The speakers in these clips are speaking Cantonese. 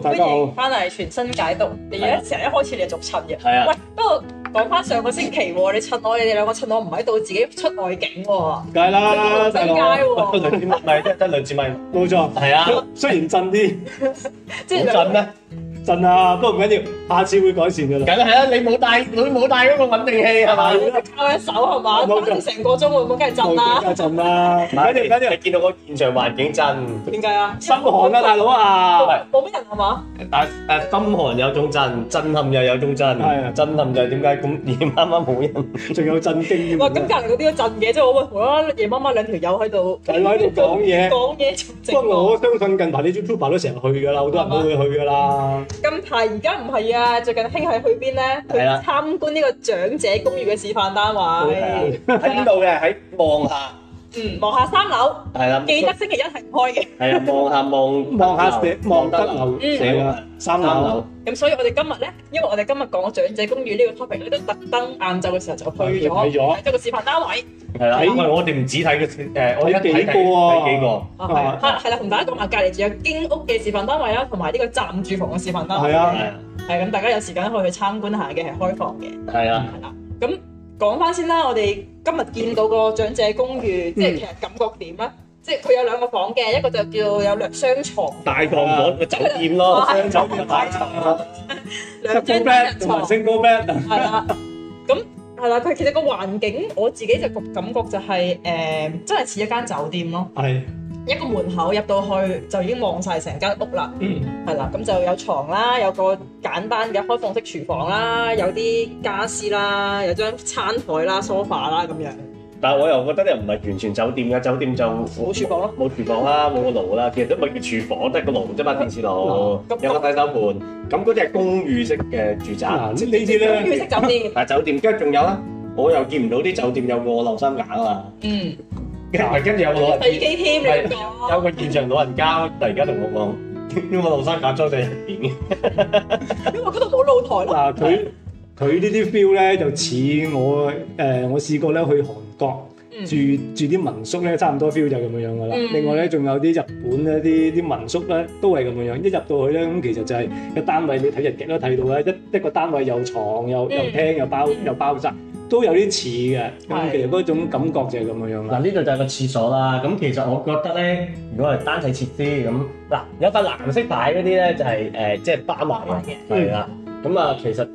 歡迎翻嚟《傳新解毒、啊。你而家成日一開始你就續襯嘅。係啊。喂，不過講翻上個星期喎，你襯我，你哋兩個襯我唔喺度，自己出外景喎。梗係啦，行街喎。得、啊、兩字咪，得 得兩字咪，冇錯。係啊。雖然震啲，好、 即係、震咩？震啊，都唔緊要。下次會改善嘅啦。梗係啦，你冇帶你冇帶嗰個穩定器係嘛？靠一手係嘛？講成個鐘會唔會梗係震啦？冇梗係震啦！跟住跟住，你見到個現場環境震。點解啊？心寒啊，大佬啊！冇咩人係嘛？但係誒，心寒有種震，震撼又有種震。係啊，震撼就係點解咁夜媽媽冇人，仲有震驚。唔係咁隔離嗰啲都震嘅啫，我話無啦啦夜媽媽兩條友喺度喺度講嘢講嘢，不過我相信近排啲 YouTuber 都成日去㗎啦，好多人都會去㗎啦。近排而家唔係啊。最近興係去邊咧？去參觀呢個長者公寓嘅示範單位，喺邊度嘅？喺望下。 嗯，望下三樓，係啦，記得星期一係唔開嘅。係啊，望下望，望下望得樓，三三樓。咁所以我哋今日咧，因為我哋今日講咗長者公寓呢個 topic 咧，都特登晏晝嘅時候就去咗睇咗，睇咗個示範單位。係啦，因為我哋唔止睇嘅，誒，我依家睇過，睇幾個。啊係，係啦，同大家講埋隔籬住嘅經屋嘅示範單位啦，同埋呢個暫住房嘅示範單位。係啊係啊。係咁，大家有時間可以去參觀下嘅，係開放嘅。係啊，係啦，咁。講翻先啦，我哋今日見到個長者公寓，即係其實感覺點咧？即係佢有兩個房嘅，一個就叫有兩雙床，大房房酒店咯，雙酒店大床，double bed 同埋 single bed，係啦，咁係啦，佢其實個環境，我自己就個感覺就係，誒，真係似一間酒店咯。係。一個門口入到去就已經望晒成間屋啦，係啦，咁就有床啦，有個簡單嘅開放式廚房啦，有啲家私啦，有張餐台啦，sofa 啦咁樣。但係我又覺得咧，唔係完全酒店嘅，酒店就冇廚房咯，冇廚房啦，冇個爐啦，其實都冇廚房，得個爐啫嘛，電磁爐，有個洗手盆，咁嗰啲係公寓式嘅住宅，你知啦，公寓式酒店，但係酒店跟住仲有咧，我又見唔到啲酒店有個晾衫架啊嘛。嗱，跟住有個有個現場老人家突然間同我講，點解後生假裝就係入邊嘅？因為嗰度冇露台啦。嗱，佢佢呢啲 feel 咧就似我誒，我試過咧去韓國住住啲民宿咧，差唔多 feel 就咁樣樣噶啦。另外咧，仲有啲日本嗰啲啲民宿咧，都係咁樣樣。一入到去咧，咁其實就係個單位，你睇日劇都睇到啦。一一個單位有牀又又廳又包又包廂。都有啲似嘅，咁其實嗰種感覺就係咁嘅樣。嗱，呢度就係個廁所啦。咁其實我覺得咧，如果係單體設施咁，嗱，有塊藍色牌嗰啲咧就係誒，即係八萬蚊嘅。係啦，咁啊，其實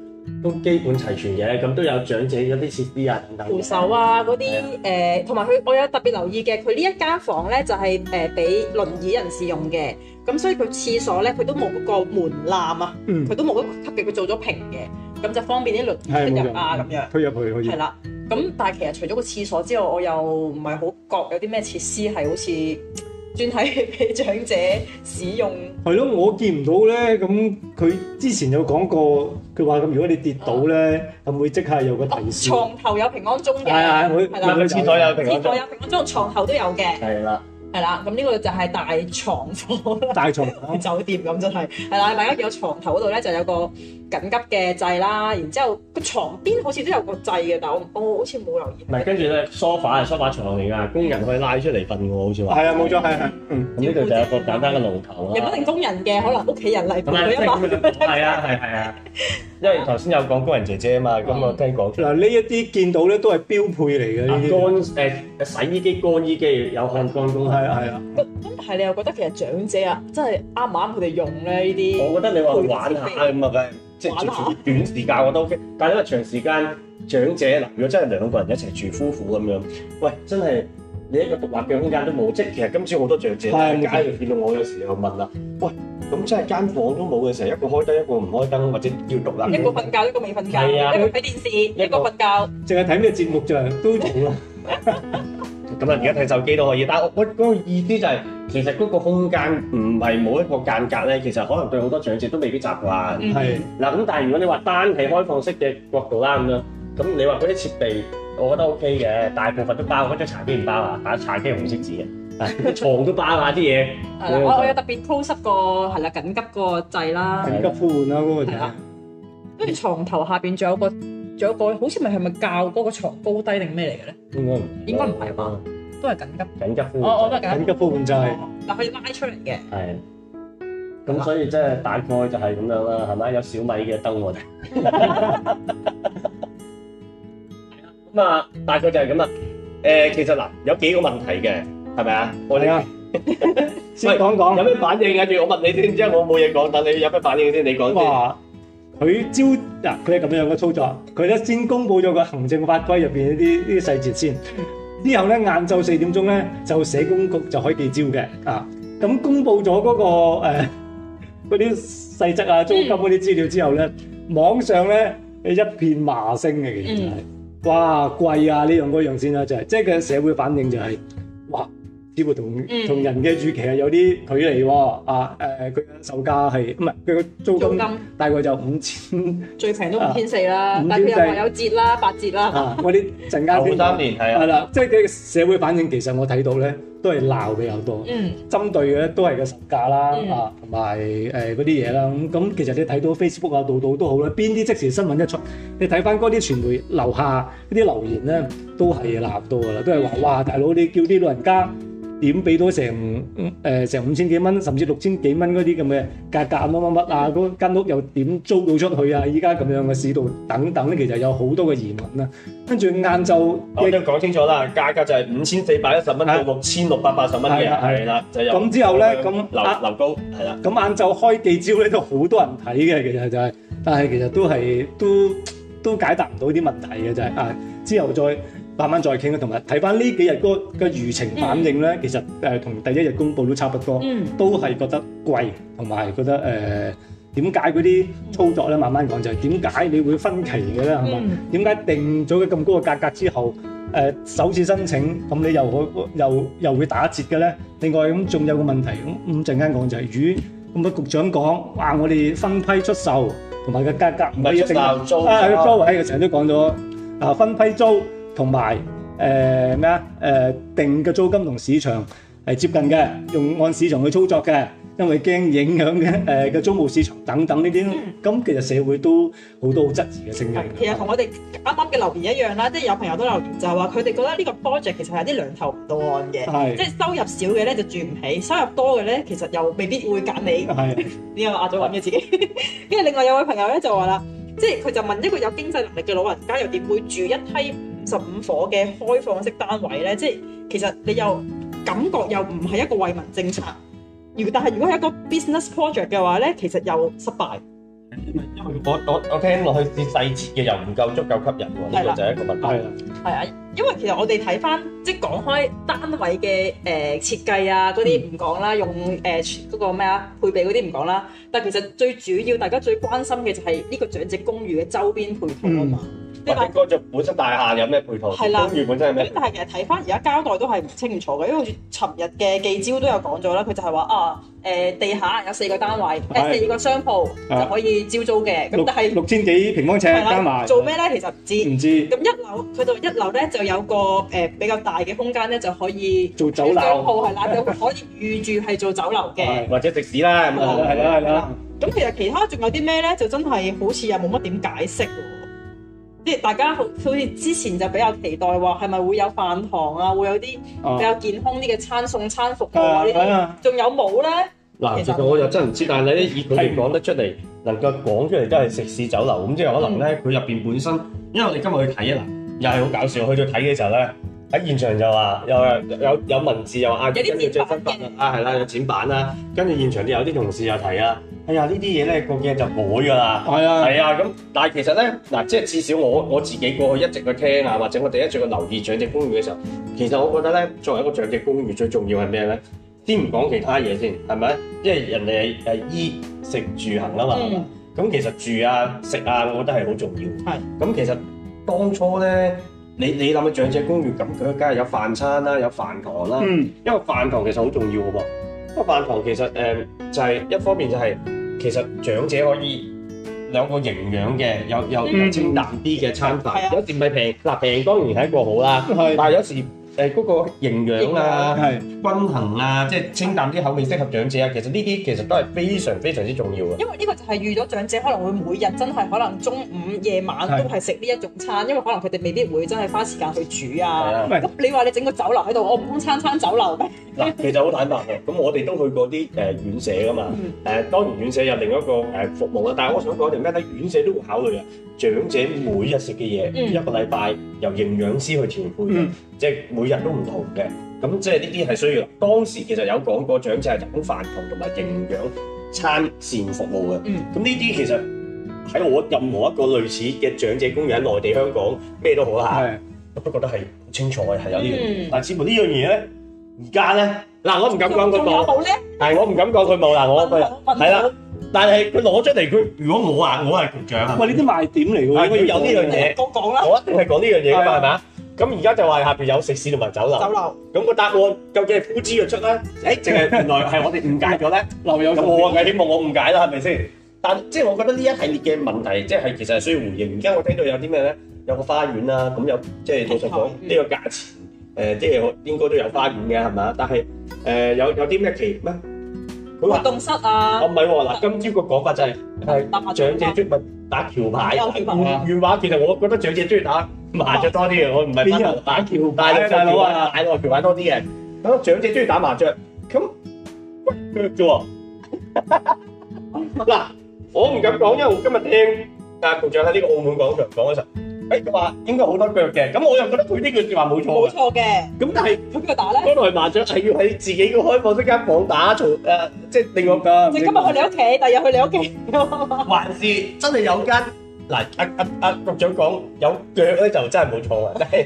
都基本齊全嘅，咁都有長者嗰啲設施啊等等。扶手啊嗰啲誒，同埋佢，我有特別留意嘅，佢呢一間房咧就係誒俾輪椅人士用嘅，咁所以佢廁所咧，佢都冇個門檻啊，佢都冇一個級嘅，佢做咗平嘅。咁就方便啲輪出入啊，咁樣推入去可以。係啦，咁但係其實除咗個廁所之外，我又唔係好覺有啲咩設施係好似專係俾長者使用。係咯，我見唔到咧。咁佢之前有講過，佢話咁如果你跌倒咧，啊，會即刻有個提示。床頭有平安鐘嘅，係啦，廁所有，廁所有，有平安鐘，床頭都有嘅。係啦。係啦，咁呢個就係大，大床房，大床房酒店咁真係。係啦，大家見到牀頭度咧就有個緊急嘅掣啦，然之後個床邊好似都有個掣嘅，但係我、哦、我好似冇留意。唔係，跟住咧，梳化係梳化床嚟㗎，工人可以拉出嚟瞓㗎喎，好似話。係啊，冇錯，係係，咁呢度就有個簡單嘅爐頭啦。亦都係工人嘅，可能屋企人嚟住一晚。係啊，係係啊。 因為頭先有講工人姐姐啊嘛，咁、嗯、我聽講嗱呢一啲見到咧都係標配嚟嘅呢啲乾誒洗衣機乾衣機有烘乾工，係啊係啊。咁、啊啊啊、但係你又覺得其實長者啊，真係啱唔啱佢哋用咧呢啲？我覺得你話玩下咁啊，即係、就是、短時間我都，OK，但係如果長時間長者嗱，如果真係兩個人一齊住，夫婦咁樣，喂，真係。你一個獨立嘅空間都冇，即係其實今次好多長者喺街度見到我，有時又問啦：喂，咁真係間房都冇嘅時候，一個開燈，一個唔開燈，或者要獨立，一個瞓覺，一個未瞓覺，一個睇電視，一個瞓覺，淨係睇咩節目啫？都好啦。咁啊，而家睇手機都可以，但係我我個意思就係，其實嗰個空間唔係冇一個間隔咧，其實可能對好多長者都未必習慣。係嗱，咁但係如果你話單係開放式嘅角度啦咁啦，咁你話嗰啲設備。我覺得 OK 嘅，大部分都包，嗰張茶几唔包啊，茶几我嗯、但茶几唔識字啊，牀都包下啲嘢。我我有特別 close up 個，係啦、啊、緊急個掣啦，緊急呼喚啦、啊、嗰、嗰個掣。跟住、啊、床頭下邊仲有個，仲有個，好似咪係咪校嗰個牀高低定咩嚟嘅咧？應該唔應該唔係啊？都係緊急緊急呼喚。哦哦，緊急呼喚掣、就係。但可以拉出嚟嘅。係、啊。咁所以即係大概就係咁樣啦，係咪有小米嘅燈喎？嗯 咁啊，大概就係咁啦。誒，其實嗱，有幾個問題嘅，係咪啊？我哋啊，先講講， 有咩反應啊？仲要我問你先，唔知我冇嘢講，等你有咩反應先。你講啲話，佢招嗱，佢係咁樣嘅操作。佢咧先公布咗個行政法規入邊啲啲細節先，之後咧晏晝四點鐘咧就社工局就可以記招嘅。啊，咁公布咗嗰個誒嗰啲細則啊，租金嗰啲資料之後咧、嗯，網上咧一片罵聲嘅，其實係、就是。嗯哇貴啊，呢樣嗰樣先啦、啊，就係即係嘅社會反應就係、是，哇似乎同同人嘅預期有啲距離喎、啊嗯。啊誒，佢、呃、嘅售價係唔係佢嘅租金？大概就五千。 最平都五千四啦，但佢又話有折啦，八折啦。我啲陣間先。好三年係啊。係啦，即係佢嘅社會反應，其實我睇到咧。都係鬧比較多、嗯，針對嘅都係個實價啦，嗯、啊同埋誒嗰啲嘢啦，咁咁其實你睇到 Facebook 啊度度都好啦，邊啲即時新聞一出，你睇翻嗰啲傳媒樓下呢啲留言咧，都係鬧到噶啦，都係話哇大佬你叫啲老人家，點俾到成誒成五千幾蚊，甚至六千幾蚊嗰啲咁嘅價格乜乜乜啊？嗰間、那個、屋又點租到出去啊？依家咁樣嘅市道等等，其實有好多嘅疑問啦。跟住晏晝我都講清楚啦，價格就係五千四百一十蚊到六千六百八十蚊嘅，係啦、啊。咁、啊啊啊就是、之後咧，咁壓樓高，係啦、啊。咁晏晝開記招咧都好多人睇嘅，其實就係、是，但係其實都係都都解答唔到啲問題嘅就係啊，之後再，慢慢再傾啦，同埋睇翻呢幾日嗰個輿情反應咧、嗯，其實誒同、呃、第一日公佈都差不多，嗯、都係覺得貴，同埋覺得誒點解嗰啲操作咧？慢慢講就係點解你會分期嘅咧？係嘛？點、嗯、解定咗咁高嘅價格之後，誒、呃、首次申請咁你又會又又，又會打折嘅咧？另外咁仲有個問題咁，陣間講就係與咁多局長講，哇！我哋分批出售同埋個價格唔一定要租啊，啊，周圍喺個成日都講咗嗱，分批租。同埋誒咩啊？誒定嘅租金同市場係接近嘅，用按市場去操作嘅，因為驚影響嘅誒嘅租務市場等等呢啲。咁其實社會都好多好質疑嘅聲音。其實同我哋啱啱嘅留言一樣啦，即係有朋友都留言就係話佢哋覺得呢個 project 其實係啲兩頭唔到岸嘅，即係收入少嘅咧就住唔起，收入多嘅咧其實又未必會揀你。係呢個阿祖揾嘅自己。跟住另外有位朋友咧就話啦，即係佢就問一個有經濟能力嘅老人家又點會住一梯十五伙嘅開放式單位咧，即係其實你又感覺又唔係一個惠民政策。如但係如果係一個 business project 嘅話咧，其實又失敗。因為我我聽落去啲細節嘅又唔夠足夠吸引喎，呢個就係一個問題。係啊，因為其實我哋睇翻即係講開單位嘅誒、呃、設計啊，嗰啲唔講啦，用誒嗰、呃嗰個咩啊配備嗰啲唔講啦。但係其實最主要大家最關心嘅就係呢個長者公寓嘅周邊配套啊嘛。嗯呢個就本身大廈有咩配套？係啦，咁原本真係咩？咁但係其實睇翻而家交代都係唔清唔楚嘅，因為好似尋日嘅記招都有講咗啦。佢就係話啊，誒、呃、地下有四個單位，誒四個商鋪就可以招租嘅。咁但係六千幾平方尺加埋做咩咧？其實唔知道。唔知道。咁一樓佢就一樓咧就有個誒、呃、比較大嘅空間咧就可以做酒樓。鋪係啦，就 可以預住係做酒樓嘅，或者食肆啦。係啦係啦。咁其實其他仲有啲咩咧？就真係好似又冇乜點解釋。即係大家好，好似之前就比較期待話係咪會有飯堂啊，會有啲比較健康啲嘅餐餸餐、餐服務啊、嗯、呢啲，仲有冇咧？嗱，其實我又真唔知，但係你以佢哋講得出嚟、嗯，能夠講出嚟都係食肆酒樓咁，即係可能咧，佢入邊本身，因為我哋今日去睇啊，又係好搞笑，去咗睇嘅時候咧。喺現場就話有有有文字又說有有啊，跟住著身裙啊，啊係啦，有剪版啦，跟住現場啲有啲同事又提啊，哎呀呢啲嘢咧，個嘢就改㗎啦，係啊，係啊，咁但係其實咧嗱，即係至少我我自己過去一直去聽啊，或者我哋一直去留意長者公寓嘅時候，其實我覺得咧，作為一個長者公寓最重要係咩咧？先唔講其他嘢先，係咪？因為人哋係係衣食住行啊嘛，咁、嗯、其實住啊食啊，我覺得係好重要。係，咁其實當初咧。你你諗嘅長者公寓咁，佢梗係有飯餐啦，有飯堂啦、嗯。因為飯堂其實好重要嘅喎。不過飯堂其實、嗯、就係、是、一方面就係、是、其實長者可以兩個營養嘅，有有清淡啲嘅餐飯。嗯、有時咪平，嗱平當然係一個好啦、嗯，但係有時。誒嗰個營養啊，係均衡啊，即係清淡啲口味適合長者啊。其實呢啲其實都係非常非常之重要啊。因為呢個就係預咗長者可能會每日真係可能中午、夜晚都係食呢一種餐，因為可能佢哋未必會真係花時間去煮啊。咁你話你整個酒樓喺度，我唔通餐餐酒樓咩？嗱，其實好坦白啊，咁我哋都去過啲誒院舍噶嘛。誒當然院舍有另一個誒服務啦，但係我想講就咩咧？院舍都會考慮啊，長者每日食嘅嘢一個禮拜由營養師去調配嘅，即係每。人都唔同嘅，咁即係呢啲係需要。當時其實有講過長者係飲飯堂同埋營養餐膳服務嘅。嗯，咁呢啲其實喺我任何一個類似嘅長者公寓，內地香港咩都好都不不、嗯、啦，我都覺得係好清楚嘅，係有，有呢樣。但係似乎呢樣嘢咧，而家咧，嗱我唔敢講佢冇咧。係我唔敢講佢冇嗱，我係啦、嗯。但係佢攞出嚟，佢如果我話我係局長，喂，呢啲賣點嚟嘅，我要有呢樣嘢。我講啦，我一定係講呢樣嘢㗎，係咪啊？咁而家就話下邊有食肆同埋酒樓，酒樓，咁個答案究竟係呼之欲出咧？誒，淨係原來係我哋誤解咗咧？又有咁我嘅希望我誤解啦，係咪先？但即係我覺得呢一系列嘅問題，即係其實係需要回應。而家我睇到有啲咩咧？有個花園啦，咁有即係通常講呢個價錢，誒即係應該都有花園嘅係咪啊？但係誒有有啲咩奇咩？活動室啊？哦唔係喎，嗱今朝嘅講法就係誒，謝謝聶明。打橋牌，原、嗯、話其實我覺得長者中意打麻雀多啲嘅，我唔係邊個打橋牌？大佬啊，大佬，打橋牌多啲嘅。咁長者中意打麻雀，咁咩啫嗱，我唔敢講，因為我今日聽啊局長喺呢個澳門廣場講一陣。誒佢話應該好多腳嘅，咁我又覺得佢呢句説話冇錯，冇錯嘅。咁但係點解打咧？本來麻將係要喺自己嘅開放式間房打，做誒即係另外個。你今日去你屋企，第日去你屋企，還是真係有間嗱？阿阿阿局長講有腳咧，就真係冇錯嘅。但係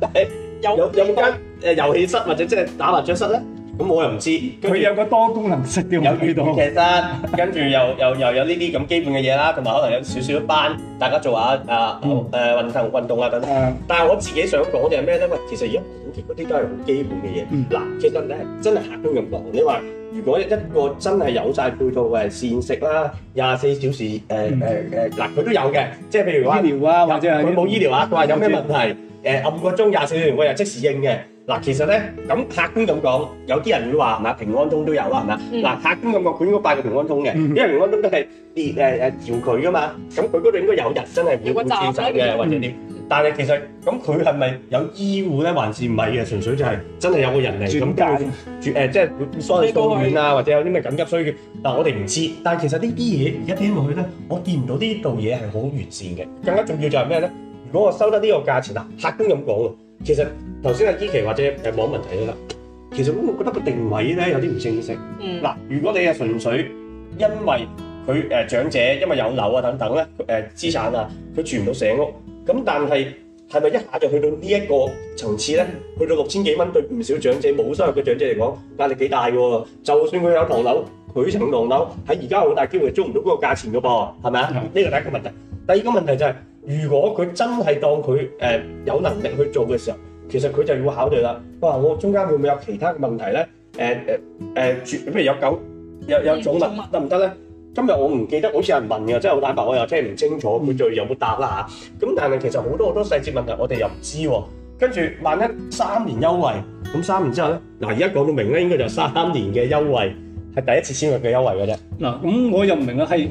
但係有有冇間誒遊戲室或者即係打麻將室咧？嗯、我又唔知道，佢有個多功能食嘅，有粵語劇室，跟 住又，又，又，又有呢啲咁基本嘅嘢啦，同埋可能有少少班，大家做下誒誒、啊嗯呃呃、運動運動啊等等。嗯、但係我自己想講就係咩咧？喂，其實而家普及嗰啲都係好基本嘅嘢。嗱、嗯，其實咧真係客觀咁講，你話如果一個真係有晒配套嘅膳食啦，廿、呃、四小時誒誒誒，嗱、呃、佢、嗯呃、都有嘅，即係譬如話醫療啊或者，佢冇醫療啊，佢話有咩、啊、問題五暗個鐘廿四小時我又、呃、即時應嘅。嗱，其實咧，咁客觀咁講，有啲人會話，嗱，平安通都有啦，係咪啊？嗱，客觀咁講，佢應該辦個平安通嘅，因為平安通都係啲誒誒照顧噶嘛。咁佢嗰度應該有人真係會負責嘅，或者點？嗯、但係其實咁佢係咪有醫護咧，還是唔係嘅？純粹就係真係有個人嚟咁介住誒，即係疏疏遠啊，或者有啲咩緊急需要，嗱、啊、我哋唔知。但係其實呢啲嘢而家聽落去咧，我見唔到呢度嘢係好完善嘅。更加重要就係咩咧？如果我收得呢個價錢，嗱，客觀咁講其實頭先阿依琪或者誒網民提咗啦，其實我覺得個定位咧，有啲唔清晰。嗱、嗯，如果你係純粹因為佢誒長者，因為有樓啊等等咧誒資產啊，佢住唔到社屋，咁但係係咪一下就去到呢一個層次咧？去到六千幾蚊，對唔少長者冇收入嘅長者嚟講，壓力幾大喎。就算佢有唐樓，佢層唐樓喺而家好大機會租唔到嗰個價錢㗎噃，係咪啊？呢、嗯、個第一個問題。第二個問題就係、是。如果佢真係當佢誒有能力去做嘅時候，其實佢就要考慮啦。哇！我中間會唔會有其他嘅問題咧？誒誒誒，譬如有狗有有寵物得唔得咧？今日我唔記得，好似有人問㗎，即係好坦白，我又聽唔清楚，佢就有冇答啦嚇。咁但係其實好多好多細節問題，我哋又唔知喎。跟住萬一三年優惠，咁三年之後咧，嗱，而家講到明咧，應該就係三年嘅優惠係第一次簽約嘅優惠嘅啫。嗱，咁我又唔明啦，係。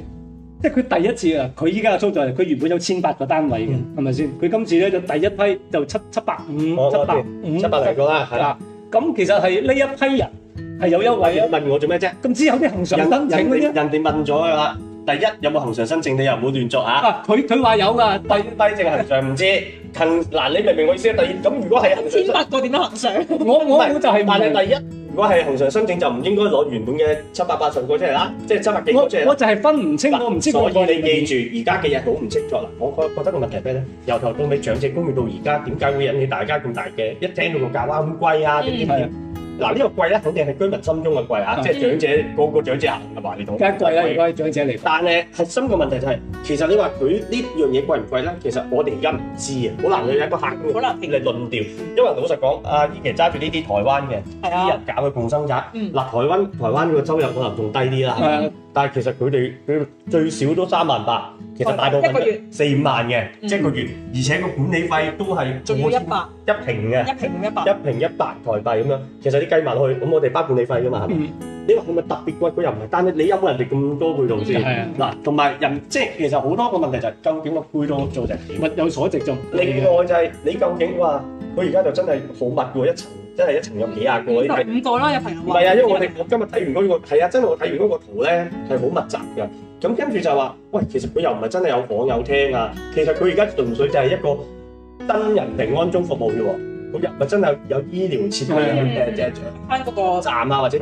即係佢第一次啊！佢依家嘅操作係，佢原本有千八個單位嘅，係咪先？佢今次咧就第一批就七七百五、七百五、七百嚟個啦，係啦。咁其實係呢一批人係有優惠。問我做咩啫？唔知有啲恆常申請嘅啫。人哋問咗噶啦，第一有冇恆常申請？你又唔好亂作吓。佢佢話有噶。第二第二，淨係恆常唔知，近嗱，你明唔明我意思啊？第二咁如果係千八個點樣恆常？我我估就係但係第一。如果係恆常申請，就唔應該攞原本嘅七百八,八十個出嚟啦，即、就、係、是、七百幾個出嚟啦。我我就係分唔清，我唔清楚。所以你記住，而家嘅嘢好唔清楚啦、嗯。我覺得個問題係咩咧？由頭到尾長者公寓到而家，點解會引起大家咁大嘅？一聽到個價位咁貴啊，定啲嘢。知嗱、這、呢個貴呢，肯定係居民心中嘅貴啊，嗯、即係長者嗰、嗯、個、個長者啊，係嘛？你懂？係貴長者嚟。但咧核心嘅問題就係、是，其實你話佢呢樣嘢貴唔貴呢？其實我哋而家唔知啊，好難去一個客觀。好難論調，因為老實講，啊，其實揸住呢啲台灣嘅一日搞佢共生產。嗱、嗯啊嗯，台灣台灣個收入可能仲低啲啦、嗯但係其實佢哋佢最少都三萬八，其實大部分都四五萬嘅一個月，而且個管理費都係仲要一百一平嘅一平一百一平一百台幣咁樣。其實你計埋落去，咁我哋包管理費噶嘛。你話係咪特別貴？佢又唔係。但係你有冇人哋咁多配套先啊？嗱，同埋人即其實好多個問題就係究竟個配套做就物有所值仲？另外就係你究竟話佢而家就真係好密㗎一層。真係一層有幾廿個，二十五個啦，有朋友？唔係啊，因為我哋我今日睇完嗰、嗰個係啊，真係我睇完嗰個圖咧係好密集嘅。咁跟住就話，喂，其實佢又唔係真係有房有廳啊，其實佢而家純粹就係一個真人平安鐘服務啫喎、啊。佢唔係真係有醫療設備誒誒，翻嗰個站啊或者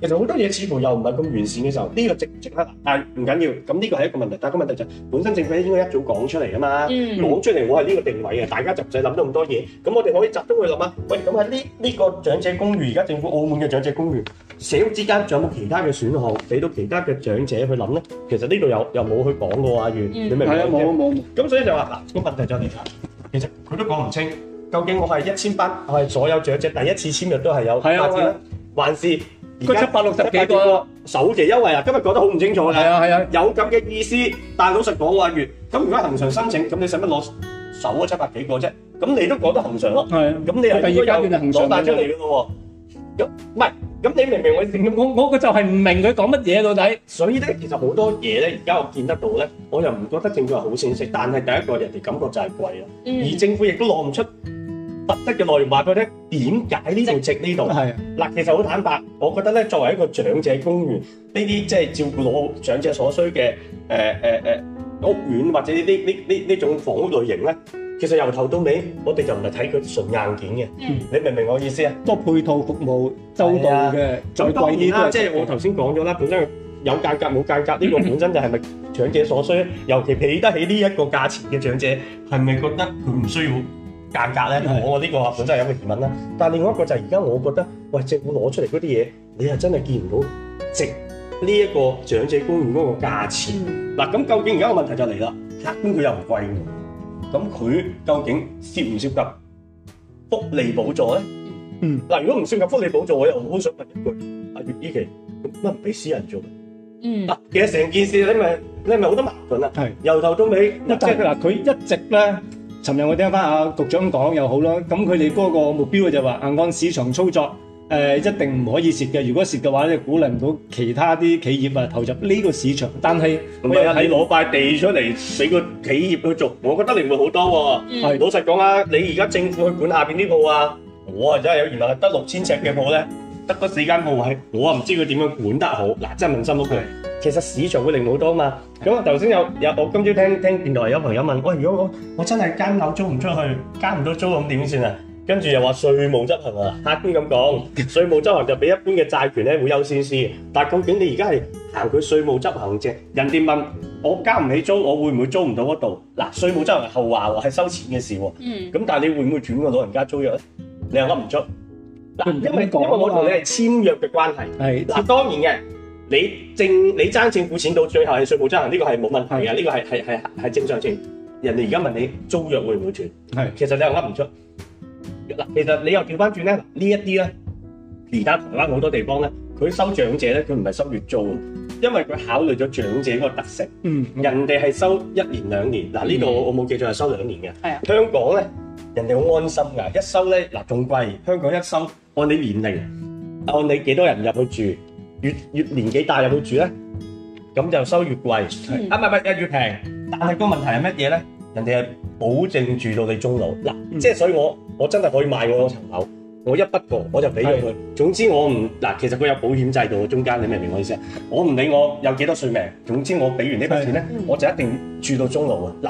其實好多嘢似乎又唔係咁完善嘅時候，呢個即即刻，但係唔緊要。咁呢個係一個問題，但係個問題就本身政府咧應該一早講出嚟啊嘛。講出嚟，我係呢個定位啊，大家就唔使諗到咁多嘢。咁我哋可以集中去諗啊。喂，咁喺呢呢個長者公寓，而家政府澳門嘅長者公寓，社屋之間仲有冇其他嘅選項俾到其他嘅長者去諗咧？其實呢度又又冇去講過阿原，你明唔明啫？冇冇。咁所以就話嗱，個問題就嚟啦。其實佢都講唔清，究竟我係一千班，我係所有長者第一次簽約都係有發展，還是？個七百六十幾個首期優惠啊！今日講得好唔清楚嘅，係啊，係啊，有咁嘅意思，但係老實講話，月咁如果恆常申請，咁你使乜攞首個七百幾個啫？咁你都講得恆常咯。係啊，咁你又第二階段係恆常攞出嚟嘅咯喎。唔係，咁你明唔明我我我就係唔明佢講乜嘢到底。所以咧，其實好多嘢咧，而家我見得到咧，我又唔覺得政府係好清晰，但係第一個人哋感覺就係貴啦。而政府亦都攞唔出。特質嘅內容話俾你聽，點解呢度值呢度？係啊，嗱，其實好坦白，我覺得咧，作為一個長者公寓，呢啲即係照顧到長者所需嘅誒誒誒屋苑或者呢呢呢呢種房屋類型咧，其實由頭到尾，我哋就唔係睇佢純硬件嘅。嗯，你明唔明我意思啊？多配套服務周到嘅，最貴啲都係。即係我頭先講咗啦，本身有間隔冇間隔，呢個本身就係咪長者所需咧？尤其俾得起呢一個價錢嘅長者，係咪覺得佢唔需要？間隔咧，我呢個本身就有個疑問啦。但係另外一個就係而家我覺得，喂，政府攞出嚟嗰啲嘢，你係真係見唔到值呢一個長者公寓嗰個價錢。嗱、嗯，咁、啊、究竟而家個問題就嚟啦，客觀佢又唔貴喎，咁佢究竟涉唔涉及福利補助咧？嗯，嗱、啊，如果唔涉及福利補助，我又好想問一句，阿葉依琪，乜唔俾私人做？嗯，嗱、啊，其實成件事你咪你咪好多矛盾啊。係，由頭到尾，即係嗱，佢、啊、一直咧。尋日我聽翻阿局長講又好啦，咁佢哋嗰個目標就話按市場操作，誒、呃、一定唔可以蝕嘅。如果蝕嘅話咧，你鼓勵唔到其他啲企業啊投入呢個市場。但係你攞塊地出嚟俾個企業去做，我覺得你唔會好多喎、啊。老實講啊，你而家政府去管下邊啲鋪啊？我啊真係有，原來得六千尺嘅鋪咧，得嗰四間鋪位，我啊唔知佢點樣管得好。嗱，真係問心都其實市場會令好多嘛，咁啊頭先有有我今朝聽聽電台有朋友問，喂，如果我，我真係間樓租唔出去，交唔到租咁點算啊？跟住又話稅務執行啊，客觀咁講，稅務執行就比一般嘅債權咧會優先先。但係究竟你而家係行佢稅務執行啫，人哋問我交唔起租，我會唔會租唔到嗰度？嗱，稅務執行後話係收錢嘅事，咁、嗯、但係你會唔會轉個老人家租約咧？你又噏唔出，嗱、啊，因為因為我同你係簽約嘅關係，嗱，當然嘅。你政你爭政府錢到最後係稅務執行，呢、這個係冇問題嘅，呢、這個係係係係正常嘅。人哋而家問你租約會唔會斷？係，其實你又噏唔出。嗱，其實你又調翻轉咧，這些呢一啲咧，而家台灣好多地方咧，佢收長者咧，佢唔係收月租，因為佢考慮咗長者嗰個特色。嗯。嗯，人哋係收一年兩年，嗱，呢度我冇記錯係收兩年嘅。係啊。香港咧，人哋好安心㗎，一收咧，嗱，仲貴。香港一收，按你年齡，按你幾多人入去住。越越年紀大入到住咧，咁就收越貴，唔係唔係越平。但係個問題係乜嘢咧？人哋係保證住到你終老嗱、嗯，即係所以我我真係可以賣我嗰層樓，我一筆過我就俾咗佢。總之我唔嗱，其實佢有保險制度中間，你明唔明我意思啊？我唔理我有幾多歲命，總之我俾完呢筆錢咧，我就一定住到終老啊！嗱，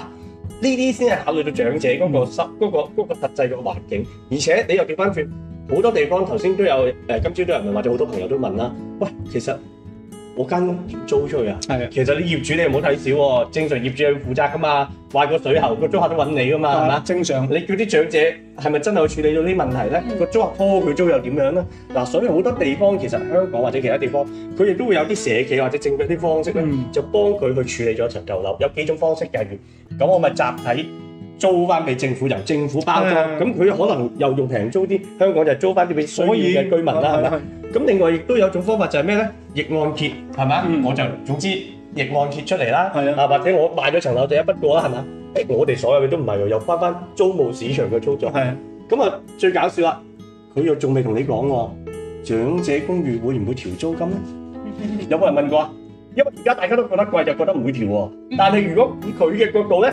呢啲先係考慮到長者嗰、嗰個實際嘅環境，而且你又結婚。好多地方頭先都有誒，今朝都有人問或者好多朋友都問啦。喂，其實我間屋點租出去啊？係啊，其實你業主你唔好睇小喎、啊，正常業主係負責噶嘛，壞個水喉個租客都揾你噶嘛，係嘛？正常，你叫啲長者係咪真係會處理到啲問題咧？嗯，個租客拖佢租又點樣咧？嗱、啊，所以好多地方其實香港或者其他地方，佢亦都會有啲社企或者政府啲方式咧、嗯，就幫佢去處理咗一層舊樓，有幾種方式嘅。咁我咪集體。租翻俾政府由政府包租，咁佢可能又用平租啲香港，就係租翻啲俾需要嘅居民啦，係咪？咁另外亦都有種方法就係咩咧？逆按揭係咪？我就總之逆按揭出嚟啦。啊，或者我賣咗層樓第一筆過啦，係咪？誒，我哋所有嘢都唔係喎，又翻翻租務市場嘅操作，係啊。咁啊最搞笑啦，佢又仲未同你講喎，長者公寓會唔會調租金咧？有冇人問過？因為而家大家都覺得貴就覺得唔會調喎，但係如果以佢嘅角度咧？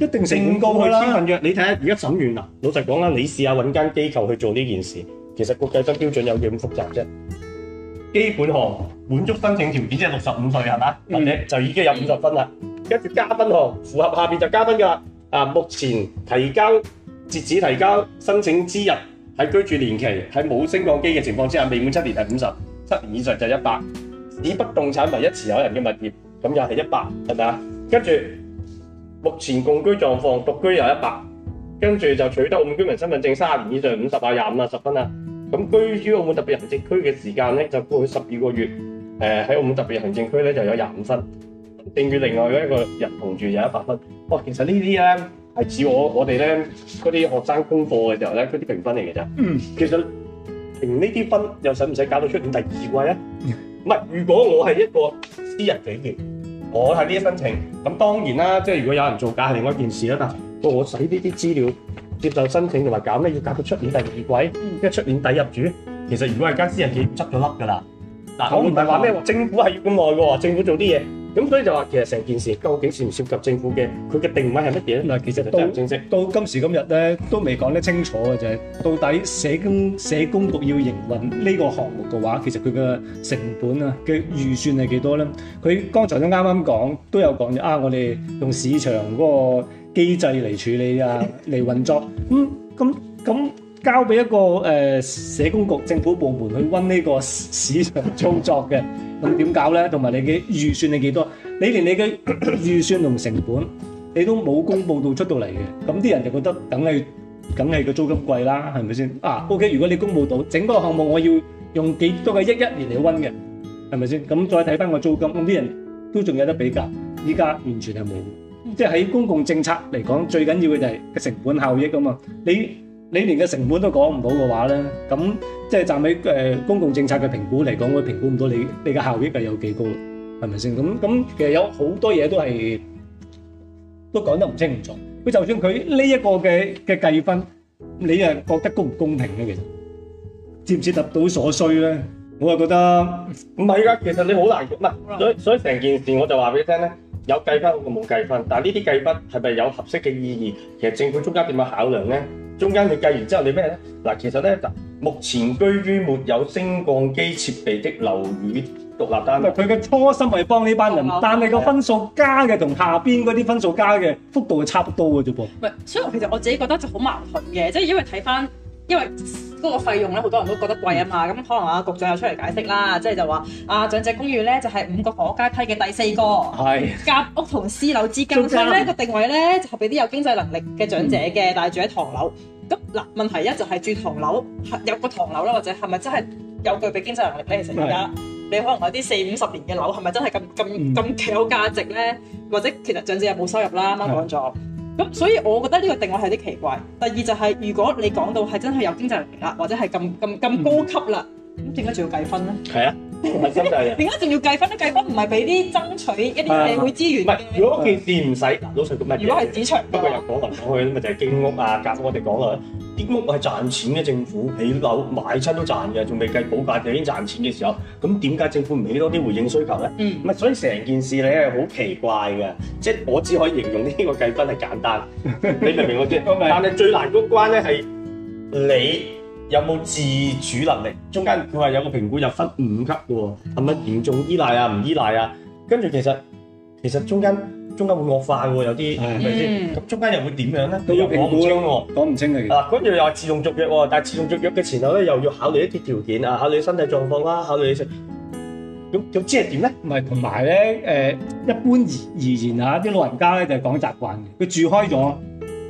一定成功去啦！你睇下而家審完啦。老實講啊，你試下揾間機構去做呢件事，其實個計算標準有幾咁複雜啫。基本項滿足申請條件即係六十五歲係咪？或者、嗯、就已經有五十分啦。跟、嗯、住加分項符合下面就加分㗎啊，目前提交截止提交申請之日喺居住年期喺冇升降機嘅情況之下未滿七年係五十，七年以上就一百。以不動產唯一持有人嘅物業咁又係一百，係咪啊？跟住。目前共居狀況，獨居有一百，跟住就取得澳門居民身份證卅年以上，五十啊、廿五啊、十分啊。咁居住澳門特別行政區嘅時間咧，就過去十二個月。誒、呃、喺澳門特別行政區咧就有廿五分，定於另外一個人同住有一百分。哇、哦，其實這些呢啲咧係指我、嗯、我哋咧嗰啲學生功課嘅時候咧嗰啲評分嚟嘅啫。嗯，其實評呢啲分又使唔使搞到出年第二季啊？唔、嗯、係，如果我係一個私人企業。我係呢一申請，咁當然啦，即係如果有人做假係另外一件事啦。但係我使呢啲資料接受申請和，又假要搞到出年第二季，出年底入住。其實如果係間私人嘢，執咗笠噶啦。我唔係話政府係要咁耐嘅，政府做啲嘢。咁所以就話，其實成件事究竟涉唔涉及政府嘅佢嘅定位係乜嘢咧？嗱，其實到到今時今日咧，都未講得清楚嘅就係。到底社工社工局要營運呢個項目嘅話，其實佢嘅成本啊嘅預算係幾多咧？佢剛才都啱啱講，都有講啊，我哋用市場嗰個機制嚟處理啊，嚟運作咁咁咁。交俾一個誒社工局政府部門去温呢個市場操作嘅，咁點搞咧？同埋你嘅預算係幾多？你連你嘅預算同成本你都冇公佈到出到嚟嘅，咁啲人就覺得梗係梗係個租金貴啦，係咪先啊？OK，如果你公佈到整個項目，我要用幾多個億一年嚟温嘅，係咪先？咁再睇翻個租金，咁啲人都仲有得比較。依家完全係冇，即係喺公共政策嚟講，最緊要嘅就係個成本效益啊嘛，你。你連個成本都講唔到嘅話咧，咁即係站喺誒，公共政策嘅評估嚟講，我評估唔到你你嘅效益係有幾高，係咪先？咁咁其實有好多嘢都係都講得唔清唔楚。咁就算佢呢一個嘅嘅計分，你又覺得公唔公平咧？其實接唔接得到所需咧？我就覺得唔係啊。其實你好難唔係，所以所以成件事，我就話俾你聽咧，有計分我冇計分，但係呢啲計分係咪有合適嘅意義？其實政府中間點樣考量咧？中間你計完之後你咩咧？嗱，其實咧，目前居於沒有升降機設備的樓宇獨立單位，佢嘅初心係幫呢班人，嗯、但係個分數加嘅同、嗯、下邊嗰啲分數加嘅、嗯、幅度係差不多嘅啫噃。唔係，所以我其實我自己覺得就好矛盾嘅，即係因為睇翻因為。嗰、那個費用咧，好多人都覺得貴啊嘛，咁可能阿局長又出嚟解釋啦，即係就話、是、啊長者公寓咧就係、是、五個房屋階梯嘅第四個，係夾屋同私樓之間，所以咧個定位咧就係俾啲有經濟能力嘅長者嘅、嗯，但係住喺唐樓。咁嗱問題一就係住唐樓，有個唐樓啦，或者係咪真係有具備經濟能力咧？其實而家你可能有啲四五十年嘅樓，係咪真係咁咁咁具有價值咧？或者其實長者有冇收入啦，啱唔啱先坐？咁所以我覺得呢個定位係啲奇怪。第二就係、是，如果你講到係真係有經濟能力啦，或者係咁咁咁高級啦，咁點解仲要計分咧？係啊，真係啊！點解仲要計分咧？計分唔係俾啲爭取一啲社會資源？唔、啊啊、如果件事唔使，老實講，如果係市場的，不過又講嚟講去都咪就係經屋啊，夾 我哋講啦。啲屋係賺錢嘅，政府起樓買親都賺嘅，仲未計補價就已經賺錢嘅時候，咁點解政府唔起多啲回應需求咧？嗯，唔係，所以成件事咧係好奇怪嘅，即係我只可以形容呢個計分係簡單， 你明唔明我意思？ 但係最難嗰關咧係你有冇自主能力，中間佢話有個評估又分五級嘅喎，係咪嚴重依賴啊？唔依賴啊？跟住其實其實中間。中間會惡化喎，有啲係咪先？咁、嗯、中間又會點樣咧？都要講唔清喎，講唔清嘅。嗱、啊，跟住又話自動續約喎，但係自動續約嘅前後咧，又要考慮一啲條件啊，考慮身體狀況啦，考慮你食。咁總之係點咧？唔係同埋咧，誒、呃、一般而而言啊，啲老人家咧就係講習慣嘅。佢住開咗，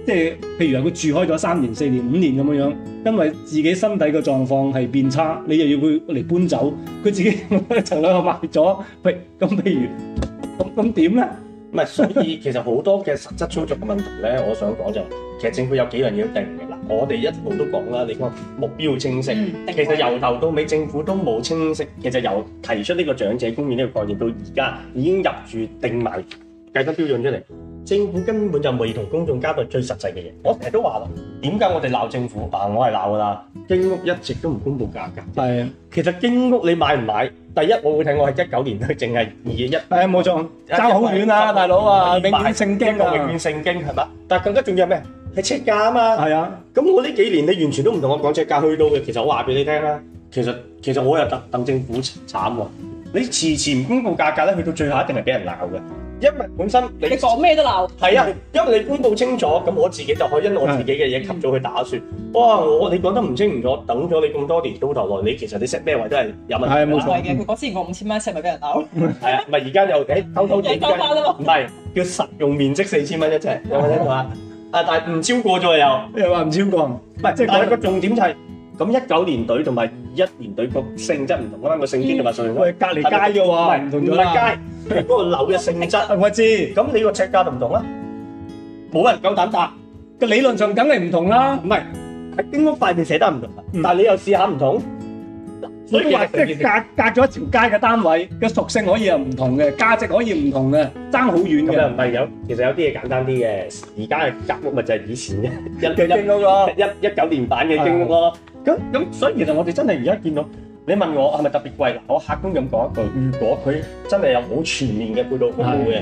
即係譬如話佢住開咗三年、四年、五年咁樣樣，因為自己身體嘅狀況係變差，你又要去嚟搬走，佢自己層樓又賣咗，譬 咁譬如咁咁點咧？ 所以其實好多嘅實質操作嘅問題呢，我想講就是，其實政府有幾樣嘢要定嘅啦。我哋一路都講啦，你個目標要清晰。嗯，其實由頭到尾， 政府都冇清晰。其實由提出呢個長者公寓呢個概念到而家，已經入住定埋。計得標準出嚟，政府根本就未同公眾交代最實際嘅嘢。我成日都話咯，點解我哋鬧政府？啊，我係鬧㗎喇，經屋一直都唔公佈價格。係啊，其實經屋你買唔買？第一，我會睇我係一九年佢淨係二月一。係啊，冇錯，爭好遠啦，大佬啊，永遠聖經啊，永遠聖經係咪？但係更加重要係咩？係車價啊嘛。係啊。咁我呢幾年你完全都唔同我講車價，去到嘅其實我話俾你聽啦。其實其實我又等等政府慘喎。你遲遲唔公布價格咧，去到最後一定係畀人鬧嘅，因為本身你講咩都鬧，係啊、嗯，因為你公布清楚，咁我自己就可以因我自己嘅嘢，及早去打算。哇、嗯哦，我你講得唔清唔楚，等咗你咁多年，到頭來你其實你 set 什麼咩位都係有問題嘅。係冇錯嘅，佢講先五千蚊一尺咪畀人鬧。係啊，唔係而家又誒偷偷影計，欸、唔係 叫實用面積四千蚊一尺，有冇聽到啊？但係唔超過咗又，你話唔超過，唔係但係個重點就是咁一九年隊同埋一年隊個性質唔同啊！個性質同埋上面，隔離街嘅喎，唔係街嗰個樓嘅性質，我知。咁你個尺價就唔同啦，冇人夠膽搭。個理論上梗係唔同啦，唔係喺經屋塊面寫得唔同，但係你又試下唔同，所以話即係隔隔咗一條街嘅單位嘅屬性可以又唔同嘅，價值可以唔同嘅，爭好遠嘅。其實唔係咁，其實有啲嘢簡單啲嘅。而家嘅隔屋咪就係以前一一一九年版嘅經屋咯。咁咁，所以其實我哋真係而家見到，你問我係咪特別貴？嗱，我客觀咁講一句，如果佢真係有好全面嘅配套服務嘅，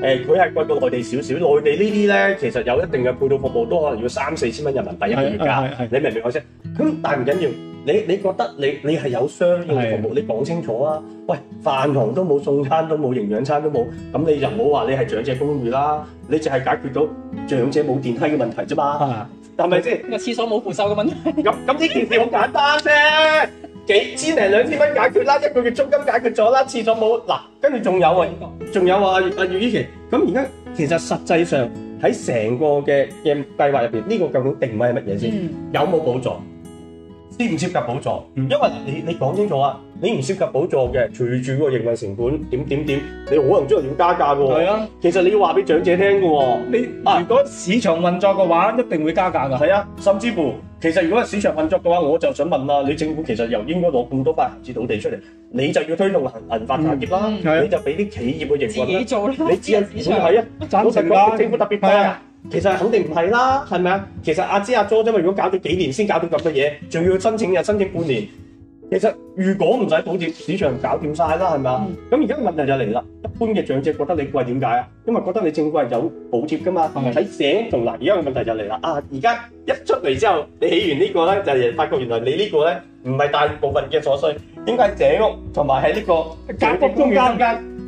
誒，佢係貴過內地少少。內地呢啲咧，其實有一定嘅配套服務，都可能要三四千蚊人民幣一個月㗎。你明唔明我意思？咁但係唔緊要，你你覺得你你係有相應服務，你講清楚啊！喂，飯堂都冇，送餐都冇，營養餐都冇，咁你就唔好話你係長者公寓啦，你淨係解決到長者冇電梯嘅問題啫嘛。係咪先？個廁所冇扶手嘅問題，咁咁呢件事好簡單啫、啊，幾千零兩千蚊解決啦、啊，一個月租金解決咗啦、啊，廁所冇嗱，跟住仲有啊，仲有啊，阿、啊、月依琪，咁而家其實實際上喺成個嘅嘅計劃入面，呢個究竟定位係乜嘢先？有冇有補助？涉唔涉及補助？因為你你講清楚啊，你唔涉及補助嘅，隨住個營運成本點點點，你可能將來要加價喎、啊。其實你要話俾長者聽嘅喎，你如果市場運作嘅話、啊，一定會加價㗎。係啊，甚至乎，其實如果係市場運作嘅話，我就想問啦、啊啊，你政府其實又應該攞咁多塊閒置土地出嚟，你就要推動銀銀髮產業啦，你就俾啲企業去營運，你自己做啦，你只係唔啊，暫停啦、啊，政府特別快啊。其實肯定唔係啦，係咪啊？其實阿芝阿租，因為如果搞咗幾年先搞到咁嘅嘢，仲要申請又申請半年。其實如果唔使補貼，市場搞掂晒啦，係咪啊？咁而家問題就嚟啦。一般嘅長者覺得你貴點解？因為覺得你政府係有補貼㗎嘛。同埋喺寫同嗱，而家嘅問題就嚟啦。啊，而家一出嚟之後，你起完呢、呢個呢，就係、發覺原來你呢個呢，唔係大部分嘅所需，應該寫屋同埋係呢個。簡國空與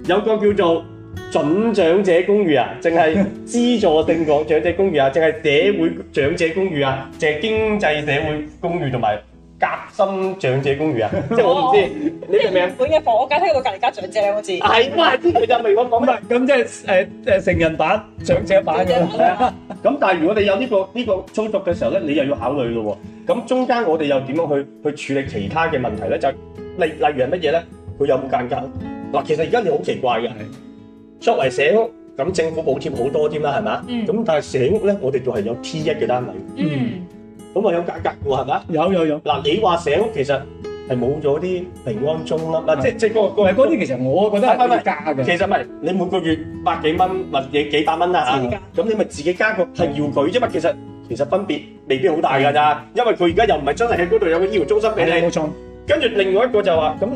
有個叫做。準長者公寓啊，淨係資助性講長者公寓啊，淨係社會長者公寓啊，淨係經濟社會公寓同埋夾心長者公寓啊，即係我唔知你明唔明本嘅房，我解釋到隔籬加長者兩個字，係乜？佢就未講，講咩？咁即係誒誒成人版長者版咁樣，係啊。咁但係如果你有呢個呢個操作嘅時候咧，你又要考慮咯。咁中間我哋又點樣去去處理其他嘅問題咧？就例例如係乜嘢咧？佢有冇間隔？嗱，其實而家你好奇怪嘅。作為社屋咁政府補貼好多添啦，係咪？咁但係社屋咧，我哋仲係有 T 一嘅單位。嗯，咁啊有價格㗎喎，係咪？有有有。嗱，你話社屋其實係冇咗啲平安鐘啦，嗱即係即係各位嗰啲其實我覺得係加價嘅。其實唔係，你每個月百幾蚊，物嘢幾百蚊啦嚇，咁你咪自己加個。係要佢啫嘛，其實其實分別未必好大㗎咋，因為佢而家又唔係真係喺嗰度有個醫療中心俾你。冇錯。跟住另外一個就話咁。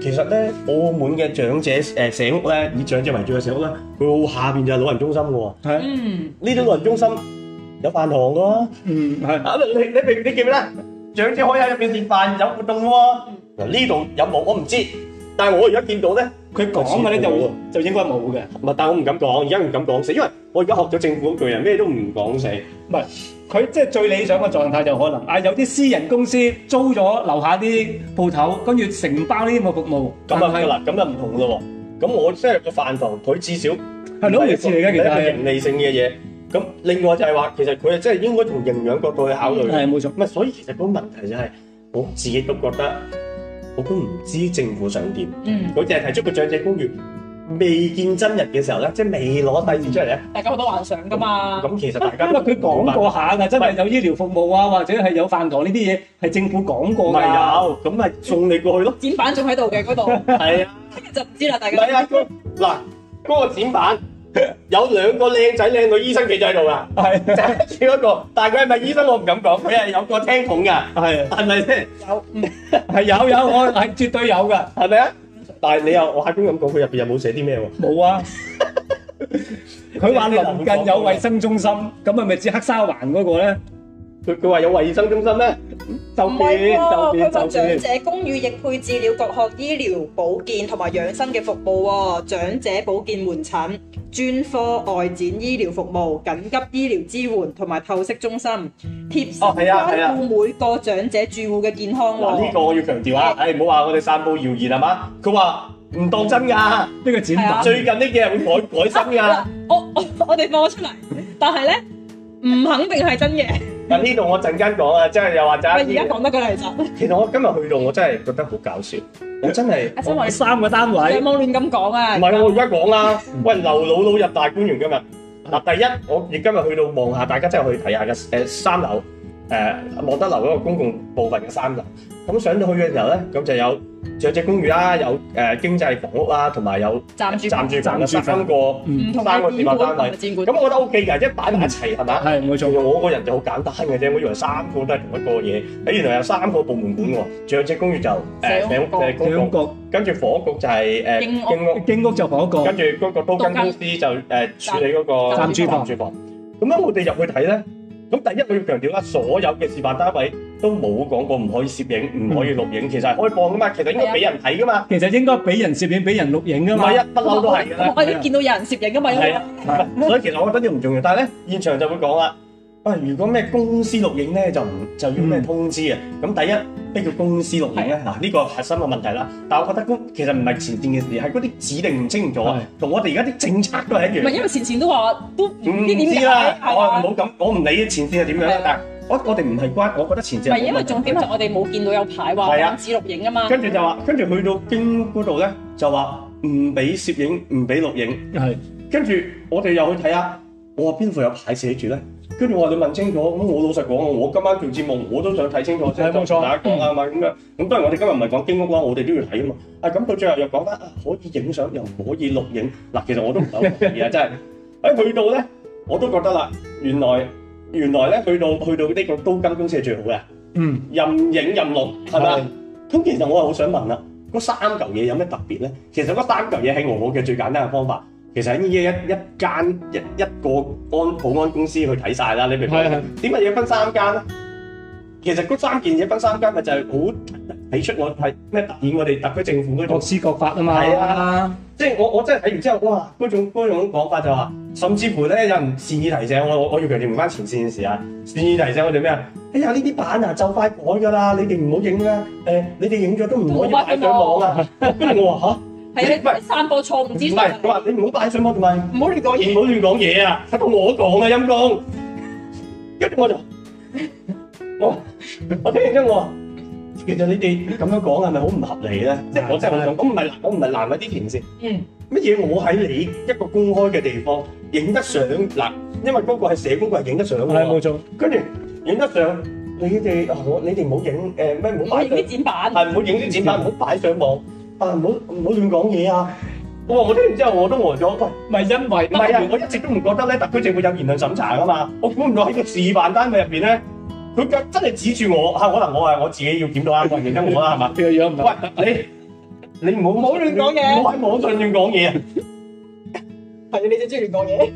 其實咧，澳門嘅長者誒社屋咧，以長者為主嘅社屋咧，佢下邊就係老人中心噶喎。係，呢度老人中心有飯堂噶。嗯，係。啊，你你明唔明你叫咩咧？長者可以喺入邊食飯、有活動噶喎。嗱，呢度有冇我唔知，但係我而家見到咧，佢講嘅咧就就應該冇嘅。唔係，但我唔敢講，而家唔敢講死，因為我而家學咗政府嗰句啊，咩都唔講死。唔係。佢即係最理想嘅狀態就可能啊，有啲私人公司租咗樓下啲鋪頭，跟住承包呢啲嘅服務。咁啊係啦，咁就唔同咯喎。咁我即係個飯堂，佢至少係攞嚟做嘅係一個盈利性嘅嘢。咁另外就係話，其實佢啊即係應該從營養角度去考慮。係冇錯。唔係，所以其實個問題就係，我自己都覺得我都唔知政府想點。嗯。佢淨係提出個長者公寓。未見真人嘅時候咧，即係未攞底片出嚟咧。大家好多幻想噶嘛。咁其實大家，不過佢講過下噶，真係有醫療服務啊，或者係有飯堂呢啲嘢，係政府講過噶。唔係有，咁咪送你過去咯。展板仲喺度嘅嗰度。係啊。就唔知啦，大家。係啊。嗱，嗰個展板有兩個靚仔靚女醫生企喺度啦。係。就係嗰個，但係佢係咪醫生我唔敢講，佢係有個聽筒噶。係。係咪先？有。係有有，我係絕對有噶，係咪啊？你又，我下官咁講，佢入面又冇寫啲咩喎？冇啊！佢 話 你臨近有衞生中心，咁係咪指黑沙環嗰個呢？佢佢話有衞生中心咩？就變、啊、就變。佢話長者公寓亦配置了各項醫療保健同埋養生嘅服務喎，長者保健門診、專科外展醫療服務、緊急醫療支援同埋透析中心，貼心關顧每個長者住戶嘅健康。呢個我要強調啊！唉、啊，唔好話我哋散佈謠言係嘛？佢話唔當真㗎，呢、這個剪報最近呢幾日會改改新㗎、啊啊啊。我我我哋放出嚟， 但係咧。唔肯定係真嘢。嗱，呢度我陣間講啊，即係又或者而家講得過嚟就。其實我今日去到我真係覺得好搞笑，我真係我三個單位。你唔好亂咁講啊！唔係我而家講啦。喂，劉姥姥入大觀園㗎嘛？嗱，第一我亦今日去到望下，大家真係可以睇下嘅誒三樓誒望德樓嗰個公共部分嘅三樓。咁上到去嘅時候咧，咁就有長者公寓啦，有誒、呃、經濟房屋啦，同埋有暫住暫住房嘅三個、嗯、三個業務單位。咁我覺得 O K 嘅，一係擺埋一齊係嘛？係冇錯。我個人就好簡單嘅啫，我以為三個都係同一個嘢，誒、嗯、原來有三個部門管喎，長者公寓就誒社誒社工局，跟住房屋局就係誒經屋，經屋、經屋就房屋局，跟住嗰個都跟公司就誒處理嗰個暫住暫住房。咁樣我哋入去睇咧。咁第一我要強調啦，所有嘅示範單位都冇講過唔可以攝影，唔可以錄影，嗯、其實係開放㗎嘛，其實應該畀人睇㗎嘛，其實應該畀人攝影、畀人錄影㗎嘛，不一不嬲都係。我係見到有人攝影㗎嘛，所以其實我覺得呢樣唔重要，但係呢，現場就會講啦。喂，如果咩公司錄影咧，就唔就要咩通知啊？咁、嗯、第一咩叫公司錄影咧？嗱、啊、呢、這個核心嘅問題啦。但係我覺得公其實唔係前線嘅事，係嗰啲指定唔清楚，同我哋而家啲政策都係一樣。唔係，因為前線都話都唔知點嘅啦。我唔好咁，我唔理啊前線係點樣啦。但係我我哋唔係關，我覺得前線唔係，因為重點就我哋冇見到有牌話禁止錄影啊嘛。跟住就話，跟住去到京嗰度咧，就話唔俾攝影，唔俾錄影。係跟住我哋又去睇下，我話邊副有牌寫住咧？跟住我話你問清楚，咁我老實講，我今晚做節目我都想睇清楚先，同大家講啊，咪咁樣。咁、嗯、當然我哋今日唔係講經屋嘅我哋都要睇啊嘛。啊咁到最後又講翻啊，可以影相又唔可以錄影。嗱、啊，其實我都唔想講嘢， 真係。喺去到咧，我都覺得啦，原來原來咧，去到去到呢個都更公司係最好嘅。嗯。任影任錄係咪？咁其實我係好想問啦，嗰三嚿嘢有咩特別咧？其實嗰三嚿嘢係我嘅最簡單嘅方法。其實喺一一間一一個安保安公司去睇晒啦，你明唔明點解要分三間？其實嗰三件嘢分三間，咪就係好睇出我係咩特顯我哋特區政府嘅各施各法啊嘛。係啊，即係我我真係睇完之後，哇！嗰種嗰種講法就話，甚至乎咧有人善意提醒我，我我要強調唔關前線嘅事啊，善意提醒我哋咩啊？哎呀，呢啲版啊就快改㗎啦，你哋唔好影啦。誒、欸，你哋影咗都唔可以擺上網啊。跟 住我話嚇。 係啊！散播錯誤資訊。唔係，佢話你唔好擺上網，同埋唔好亂講嘢，唔好亂講嘢啊！係我講啊，陰公。跟住我就，我我聽完之後，我話其實你哋咁樣講係咪好唔合理咧？即係我真係話，咁唔係，咁唔係難為啲同事。嗯。乜嘢？我喺你一個公開嘅地方影得相嗱，因為嗰個係社工，佢係影得相喎。係冇錯。跟住影得相，你哋我你哋唔好影誒咩？唔好擺。影啲展板。係唔好影啲展板，唔好擺上網。啊！唔好唔好亂講嘢啊！我話我聽完之後我都呆咗。喂，咪因為？唔係啊，啊，啊！我一直都唔覺得咧，特區政府有言論審查噶嘛？我估唔到喺個示範單位入邊咧，佢腳真係指住我。吓，可能我係我自己要檢到啊，認我認真我啦，係 嘛是吧？佢又唔係。喂，你你唔好唔好亂講嘢。我喺網上亂講嘢啊！係 啊，你最中意亂講嘢。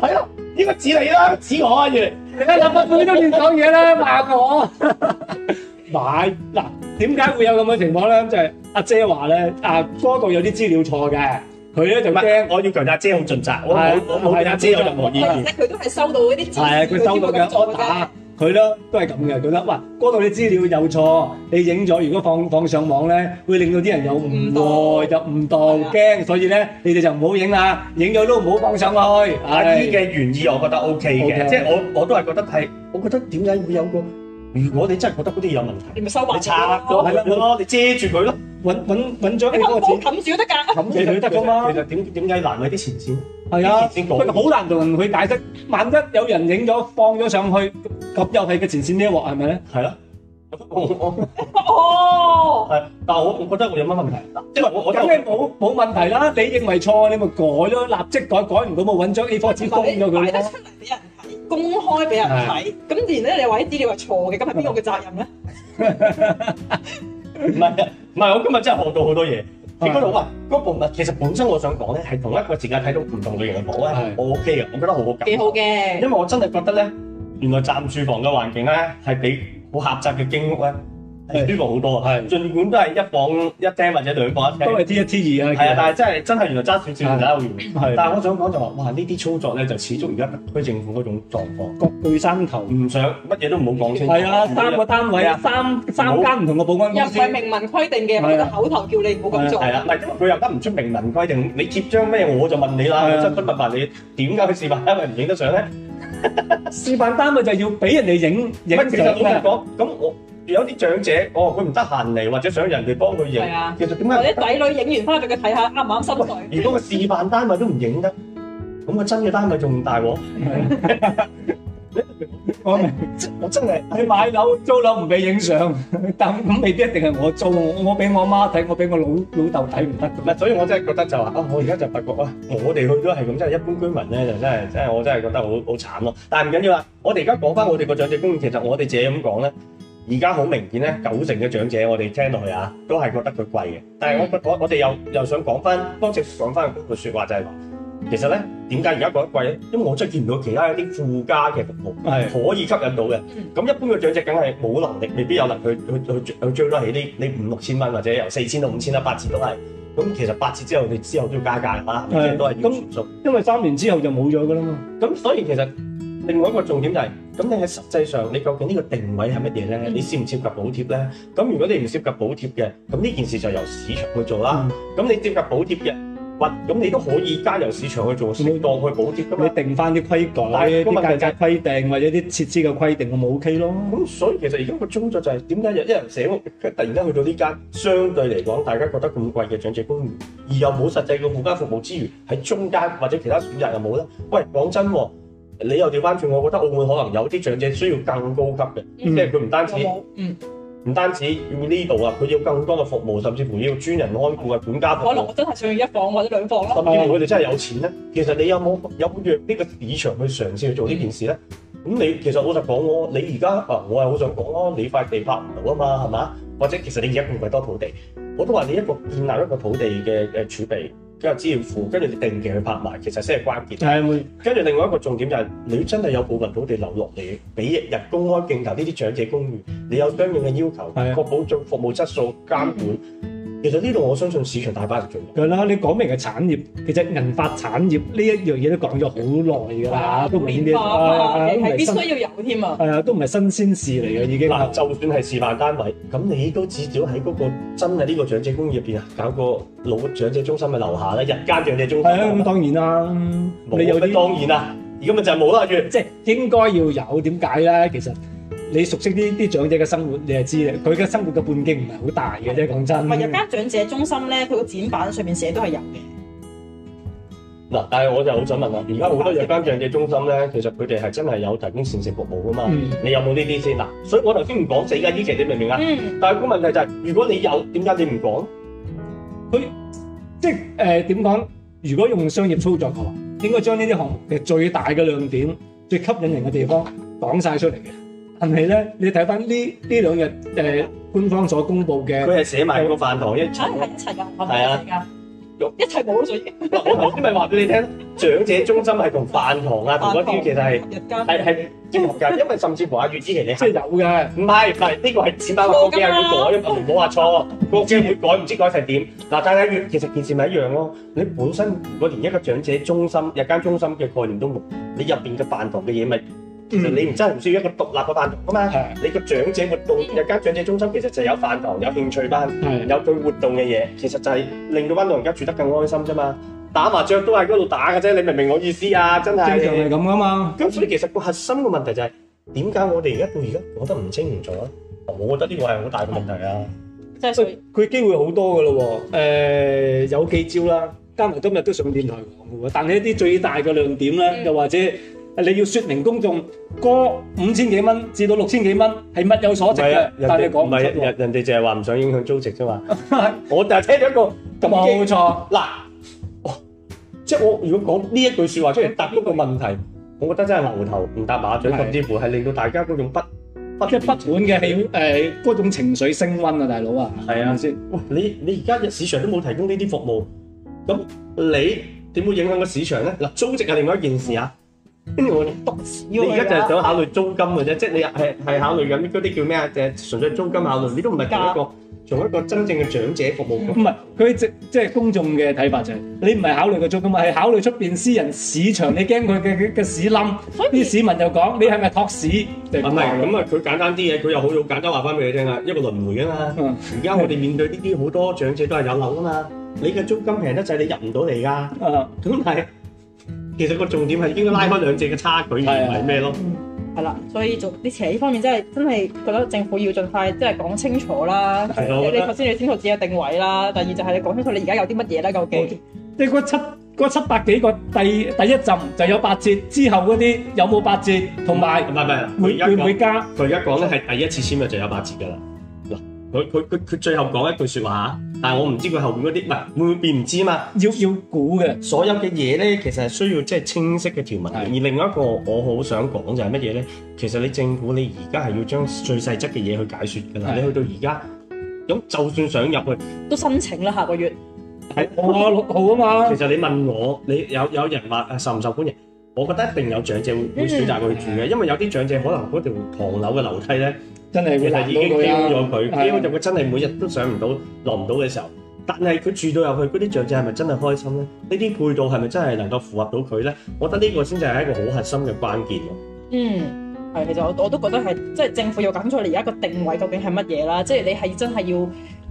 係啦，應該指你啦，指我啊，住你啊，兩百歲都亂講嘢啦，罵我。買嗱，點解會有咁嘅情況咧？就係阿姐話咧，啊嗰度有啲資料錯嘅，佢咧就驚，我要強調阿姐好盡責，我冇我冇同阿姐有任何意見，佢都係收到嗰啲，係啊，佢收到嘅，我打佢咧都係咁嘅，覺得喂嗰度啲資料有錯，你影咗如果放放上網咧，會令到啲人有誤會，有誤導，驚，所以咧你哋就唔好影啦，影咗都唔好放上去。啊啲嘅原意，我覺得 O K 嘅，即係我我都係覺得係，我覺得點解會有個。如果你真係覺得嗰啲有問題，你咪收埋，你拆咗，係啦，咪咯，你遮住佢咯，揾揾揾張 A4 紙，冚住得㗎，冚住得㗎嘛。其實點點解難為啲前線？係啊，不過好難同人去解釋。萬一有人影咗放咗上去，咁又係個前線呢一鑊係咪咧？係啊。哦哦哦。係，但係我唔覺得我有乜問題，因為我我梗係冇冇問題啦？你認為錯，你咪改咯，立即改，改唔到咪揾張 A4 紙封咗佢咯。公開俾人睇，咁然之後你話啲資料係錯嘅，咁係邊個嘅責任咧？唔係唔係，我今日真係學到好多嘢。點講好啊？嗰部唔係，其實本身我想講咧，係同一個時間睇到唔同類型嘅房咧，我 OK 嘅，我覺得好好。幾好嘅，因為我真係覺得咧，原來暫住房嘅環境咧，係比好狹窄嘅經屋咧。舒服好多啊，係，儘管都係一房一廳或者兩房一廳，都係 T 一 T 二啊，係啊，但係真係真係原來揸少少唔使會員，係。但係我想講就話，哇呢啲操作咧就始終而家特區政府嗰種狀況，各據山頭，唔想乜嘢都冇講清楚。係啊，三個單位啊，三三間唔同嘅保安公司，又唔係明文規定嘅，佢嘅口頭叫你唔好咁做。係啊，唔係因為佢又得唔出明文規定，你貼張咩我就問你啦，我真真問問你點解去示範？因為唔影得相咧。示範單位就要俾人哋影影相啊。咁我。有啲長者，哦，佢唔得閒嚟，或者想人哋幫佢影。其實點解啲仔女影完翻嚟俾佢睇下，啱唔啱心水？如果個示範單位都唔影得，咁個真嘅單位仲大鑊。我我真係去買樓、租樓唔俾影相。咁咁未必一定係我租，我俾我媽睇，我俾我老老豆睇唔得。唔係，所以我真係覺得就話啊，我而家就發覺啊，我哋去都係咁，即係一般居民咧，就真係真係我真係覺得好好慘咯。但係唔緊要啊，我哋而家講翻我哋個長者公寓，其實我哋自己咁講咧。而家好明顯咧，九成嘅長者我哋聽落去嚇，都係覺得佢貴嘅。但係我我哋又又想講翻，當時講翻個説話就係話，其實咧點解而家覺得貴咧？因為我真係見唔到其他一啲附加嘅服務係可以吸引到嘅。咁一般嘅長者梗係冇能力，未必有能力去去去去追得起呢呢五六千蚊，或者由四千到五千啦，八折都係。咁其實八折之後，你之後都要加價啦，都係要全數。咁因為三年之後就冇咗噶啦嘛。咁所以其實。另外一個重點就係、是，咁你喺實際上，你究竟呢個定位係乜嘢咧？你涉唔涉及補貼咧？咁如果你唔涉及補貼嘅，咁呢件事就由市場去做啦。咁、嗯、你涉及補貼嘅，或咁你都可以加由市場去做。冇當佢補貼，咁你定翻啲規格、啲價格規定或者啲設施嘅規定，咁咪 OK 咯。咁所以其實而家個焦點就係、是，點解有一人社屋，突然間去到呢間相對嚟講大家覺得咁貴嘅長者公寓，而又冇實際嘅附加服務之餘，喺中間或者其他選擇又冇咧？喂，講真喎。你又調翻轉，我覺得澳門可能有啲長者需要更高級嘅、嗯，即係佢唔單止，唔、嗯、單止要呢度啊，佢要更多嘅服務，甚至乎要專人看顧嘅管家服務。可能我，我真係想要一房或者兩房咯。甚至乎佢哋真係有錢咧，其實你有冇有冇入呢個市場去嘗試去做呢件事咧？咁、嗯、你其實老實講我，你而家啊，我係好想講咯，你塊地拍唔到啊嘛，係嘛？或者其實你而家唔係多土地，我都話你一個建立一個土地嘅嘅儲備。跟住支付，跟住你定期去拍賣，其實先係關鍵。係，跟住另外一個重點就係、是，你真係有部分土地留落嚟，俾日公開競投呢啲長者公寓，你有相應嘅要求，確保咗服務質素監管。嗯其實呢度我相信市場大把人做了。會，係你講明嘅產業，其實銀髮產業呢一樣嘢都講咗好耐㗎啦，都免啲。啊，係必須要有添啊，都唔係新鮮事嚟嘅，已經是、啊。就算係示範單位，咁你都至少喺嗰、那個真係呢個長者公寓入邊搞個老長者中心嘅樓下咧，日間長者中心。咁當然啦，冇、嗯、啊，當然啦，而家咪就係冇住，即、就、係、是、應該要有，點解呢？其實。你熟悉呢啲長者嘅生活，你就知啦。佢嘅生活嘅半徑唔係好大嘅啫。講真，唔係日間長者中心咧，佢個展板上面寫都係有嘅嗱。但係我就好想問啦，而家好多日間長者中心咧，其實佢哋係真係有提供膳食服務㗎嘛、嗯？你有冇呢啲先嗱？所以我頭先唔講死㗎 e a 你明唔明啊？嗯。但係個問題就係、是，如果你有點解，你唔講佢即係誒點講？如果用商業操作嘅話，應該將呢啲項目嘅最大嘅亮點、最吸引人嘅地方講晒出嚟嘅。係咪咧？你睇翻呢呢兩日誒官方所公佈嘅，佢係寫埋個飯堂一，啊、一齊㗎，係咪啊？一齊冇咗。我頭先咪話俾你聽， 長者中心係同飯堂啊，同嗰啲其實係日間係係節目噶，因為甚至乎阿月之前你即係 有㗎。唔係唔係，呢、這個係紙包火，啊、幾廿要改，唔好話錯，或者會改，唔 知改成點。嗱，大家其實件事咪一樣咯。你本身如果連一個長者中心、日間中心嘅概念都冇，你入邊嘅飯堂嘅嘢咪？其實你唔真係唔需要一個獨立嘅飯堂噶嘛，你個長者活動有間長者中心，其實就係有飯堂、有興趣班、有佢活動嘅嘢，其實就係令到班老人家住得更開心啫嘛。打麻雀都喺嗰度打嘅啫，你明唔明我意思啊？真係就係咁噶嘛。咁所以其實個核心嘅問題就係點解我哋而家到而家講得唔清唔楚咧？我覺得呢個係好大嘅問題啊。即係佢佢機會好多噶咯喎，誒有記招啦，加埋今日都上電視台講嘅喎。但係一啲最大嘅亮點咧，又或者。你要説明公眾，個五千幾蚊至到六千幾蚊係物有所值嘅、啊、人但你講唔出喎。唔係人，人哋淨係話唔想影響租值啫嘛。 我就係聽咗一個咁嘅，冇錯嗱、啊哦，即係我如果講呢一句説話出嚟答嗰個問題， 我覺得真係牛頭唔搭馬嘴，甚至乎係令到大家嗰種不是不滿嘅，嗰、啊、種情緒升溫啊，大佬啊，你，你而家市場都冇提供呢啲服務，你你點會影響個市場呢？租值係另外一件事啊。跟住我哋，你而家就係想考慮租金嘅啫，即係你係係考慮緊嗰啲叫咩啊？就係純粹租金考慮，你都唔係做一個從一個真正嘅長者服務。唔係，佢即即係公眾嘅睇法就係，你唔係考慮個租金，係考慮出邊私人市場，你驚佢嘅嘅嘅市冧，啲市民又講你係咪託市？唔係，咁啊佢簡單啲嘢，佢又好好簡單話翻俾你聽啊，一個輪迴啊嘛。而家我哋面對呢啲好多長者都係有樓啊嘛，你嘅租金平得滯，你入唔到嚟噶。誒，咁係。其實個重點係應該拉開兩隻嘅差距，而唔係咩咯？係啦，所以做啲似呢方面真係真係覺得政府要盡快即係講清楚啦。就是、你你頭先要清楚自己嘅定位啦，第二就係你講清楚你而家有啲乜嘢啦究竟。即係七七百幾個第第一陣就有八折，之後嗰啲有冇八折同埋？唔係唔係，會會會加。佢而家講咧係第一次簽約就有八折噶啦。佢佢佢佢最後講一句説話，但係我唔知佢後面嗰啲，唔係會唔會變唔知啊嘛？要要估嘅，所有嘅嘢咧，其實係需要即係清晰嘅條文的。而另一個我好想講就係乜嘢咧？其實你政府你而家係要將最細則嘅嘢去解説㗎啦。你去到而家咁，就算想入去都申請啦。下個月係哦、六號啊嘛。其實你問我，你有有人話啊受唔受歡迎？我覺得一定有長者會選擇去住嘅、嗯，因為有啲長者可能嗰條唐樓嘅樓梯咧。真係其實已經嬌咗佢，嬌到佢真係每日都上唔到落唔到嘅時候。但係佢住到入去嗰啲長者係咪真係開心咧？呢啲配套係咪真係能夠符合到佢咧？我覺得呢個先至係一個好核心嘅關鍵。嗯，係，其實我我都覺得係，即係政府要搞出嚟，而家個定位究竟係乜嘢啦。即係你係真係要，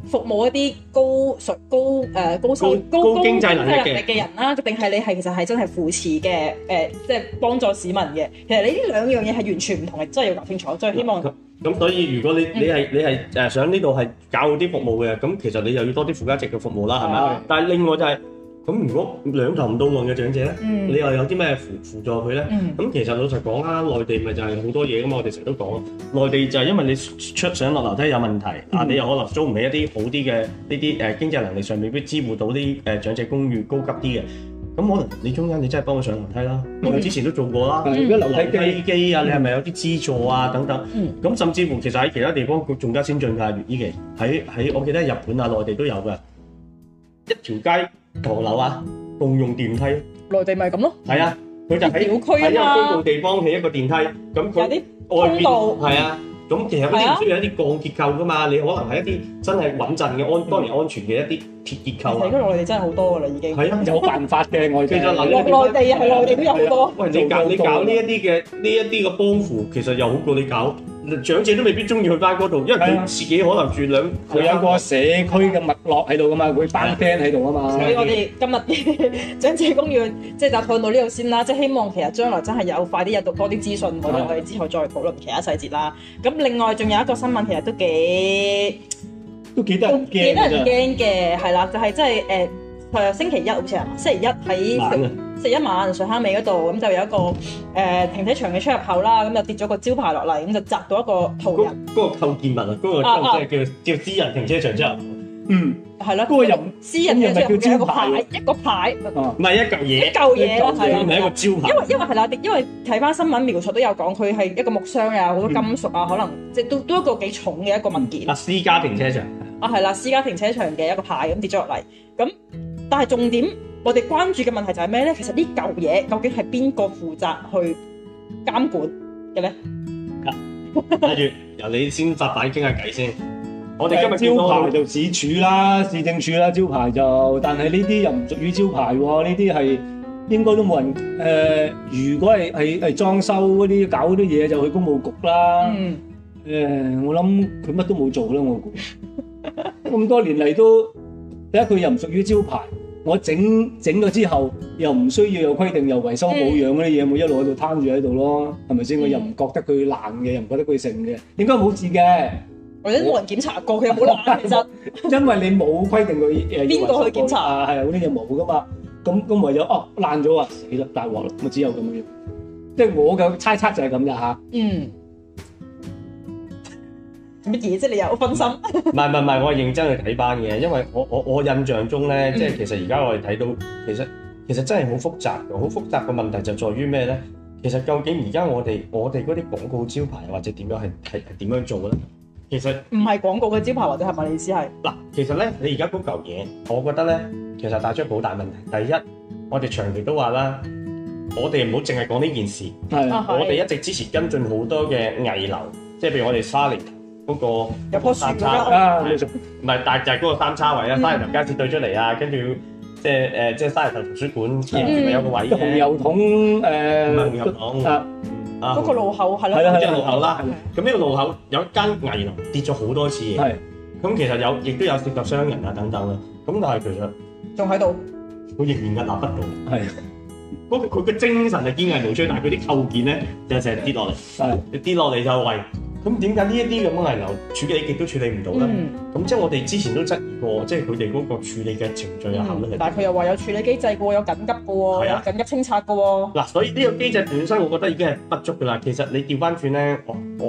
服務一啲高 sorry, 高、呃、高高高高高高高經濟能力嘅嘅人啦，定係你係其實是真的扶持的誒，即、呃就是幫助市民的，其實你兩兩樣東西是完全不同的，真的要搞清楚。希望、嗯、所以如果你你你是想這裏搞好服務的、嗯、那其實你又要多啲附加值的服務啦，係咪？但另外就是咁如果兩頭唔到岸嘅長者咧、嗯，你又有啲咩輔輔助佢咧？咁、嗯、其實老實講啦，內地咪就係好多嘢噶嘛，我哋成日都講，內地就係因為你出上落樓梯有問題，啊、嗯，你又可能租唔起一啲好啲嘅呢啲誒經濟能力上面未必支付到啲誒、呃、長者公寓高級啲嘅，咁可能你中間你真係幫佢上樓梯啦，我、嗯、哋之前都做過啦，嗯、如果樓梯、樓梯機啊，你係咪有啲資助啊等等？咁、嗯嗯、甚至乎其實喺其他地方佢仲加先進噶，依期喺喺我記得日本啊，內地都有嘅一條街。唐樓啊，共用電梯，內地咪咁咯？係啊，佢就喺小區啊嘛，喺一個公共地方起一個電梯，咁佢啲外邊係啊，咁、嗯、其實嗰啲唔需要一啲鋼結構噶嘛、啊，你可能係一啲真係穩陣嘅安、嗯、安當然安全嘅一啲鐵結構啊。咁內地真係好多噶啦，已經係啊，有辦法嘅外。內地內 地係內地、地、啊、地都有好多、啊啊啊。你搞你搞呢一啲嘅呢一啲嘅幫扶，其實又好過你搞。長者都未必中意去翻嗰度，因為佢自己可能住兩，佢有個社區嘅脈絡喺度噶嘛，佢班 friend 喺度啊嘛。所以我哋今日長者公寓即係就講到呢度先啦，即係希望其實將來真係有快啲有讀多啲資訊，我哋之後再討論其他細節啦。咁另外仲有一個新聞其實都幾都幾得人驚嘅，係啦，就係即係誒，係啊，星期一好似係嘛？星期一喺。食一晚水坑尾嗰度，咁就有一個誒停車場嘅出入口啦，咁就跌咗個招牌落嚟，咁就砸到一個途人。嗰個構建物啊，嗰個即係叫叫私人停車場出入口。嗯，係咯。嗰個又私人嘅出入口。一個牌，一個牌。唔係一嚿嘢，一嚿嘢啦，係啦，唔係一個招牌。因為因為係啦，因為睇翻新聞描述都有講，佢係一個木箱，又有好多金屬啊，可能即係都都一個幾重嘅一個文件。啊，私家停車場。啊，係啦，私家停車場嘅一個牌咁跌咗落嚟，咁但係重點。我哋關注嘅問題就係咩咧？其實呢舊嘢究竟係邊個負責去監管嘅咧？跟住由你先發牌，傾下偈先。我哋今日招牌就市署啦，市政署啦，招牌就。但係呢啲又唔屬於招牌喎，呢啲係應該都冇人。誒，如果係係係裝修嗰啲搞嗰啲嘢，就去公務局啦。嗯。誒，我諗佢乜都冇做啦，我估。咁多年嚟，都，第一佢又唔屬於招牌。我整整咗之後，又唔需要有規定，又維修保養嗰啲嘢，欸、我一路喺度攤住喺度咯，係咪先？我又唔覺得佢爛嘅，又唔覺得佢剩嘅，應該冇事嘅。或者冇人檢查過，佢有冇爛？其實因為你冇規定佢誒邊個去檢查啊？係嗰啲嘢冇噶嘛。咁咁唯有哦爛咗啊，死啦大鑊啦！我只有咁樣，即係我嘅猜測就係咁嘅嚇。嗯。乜嘢啫？你又分心？唔係唔係，我係認真去睇返嘅。因為我我我印象中咧，即係其實而家我哋睇到 其實其實真係好複雜，好複雜嘅問題就在於咩咧？其實究竟而家我哋我哋嗰啲廣告招牌或者點樣係係點樣做咧？其實唔係廣告嘅招牌，或者係咪你意思係嗱？其實咧，你而家講嚿嘢，我覺得咧，其實帶出好大問題。第一，我哋長期都話啦，我哋唔好淨係講呢件事，我哋一直支持跟進好多嘅藝流，即係譬如我哋莎莉。嗰、那個有棵樹三叉啦、啊，唔係，但 係就係嗰個三叉位啦、嗯。沙梨頭街市對出嚟啊，跟住即係誒，即、呃、係沙梨頭圖書館前面、嗯、有一個位。紅油桶誒，紅油桶啊，嗰、啊那個啊嗯嗯嗯、個路口係咯，係咯，即係路口啦。咁呢個路口有一間危樓跌咗好多次，係咁其實有，亦都有涉及傷人啊等等啦。咁但係其實仲喺度，佢仍然屹立不倒。係，嗰佢嘅精神係堅毅無衰，但係佢啲構件咧就成日跌落嚟，係跌落嚟就為。咁點解呢一啲咁嘅危樓處理極都處理唔到咧？咁即係我哋之前都質疑過，即係佢哋嗰個處理嘅程序嘅效率。但係佢又話有處理機制嘅喎，有緊急嘅喎、啊，有緊急清拆嘅喎。嗱、啊，所以呢個機制本身我覺得已經係不足嘅啦、嗯。其實你調翻轉咧，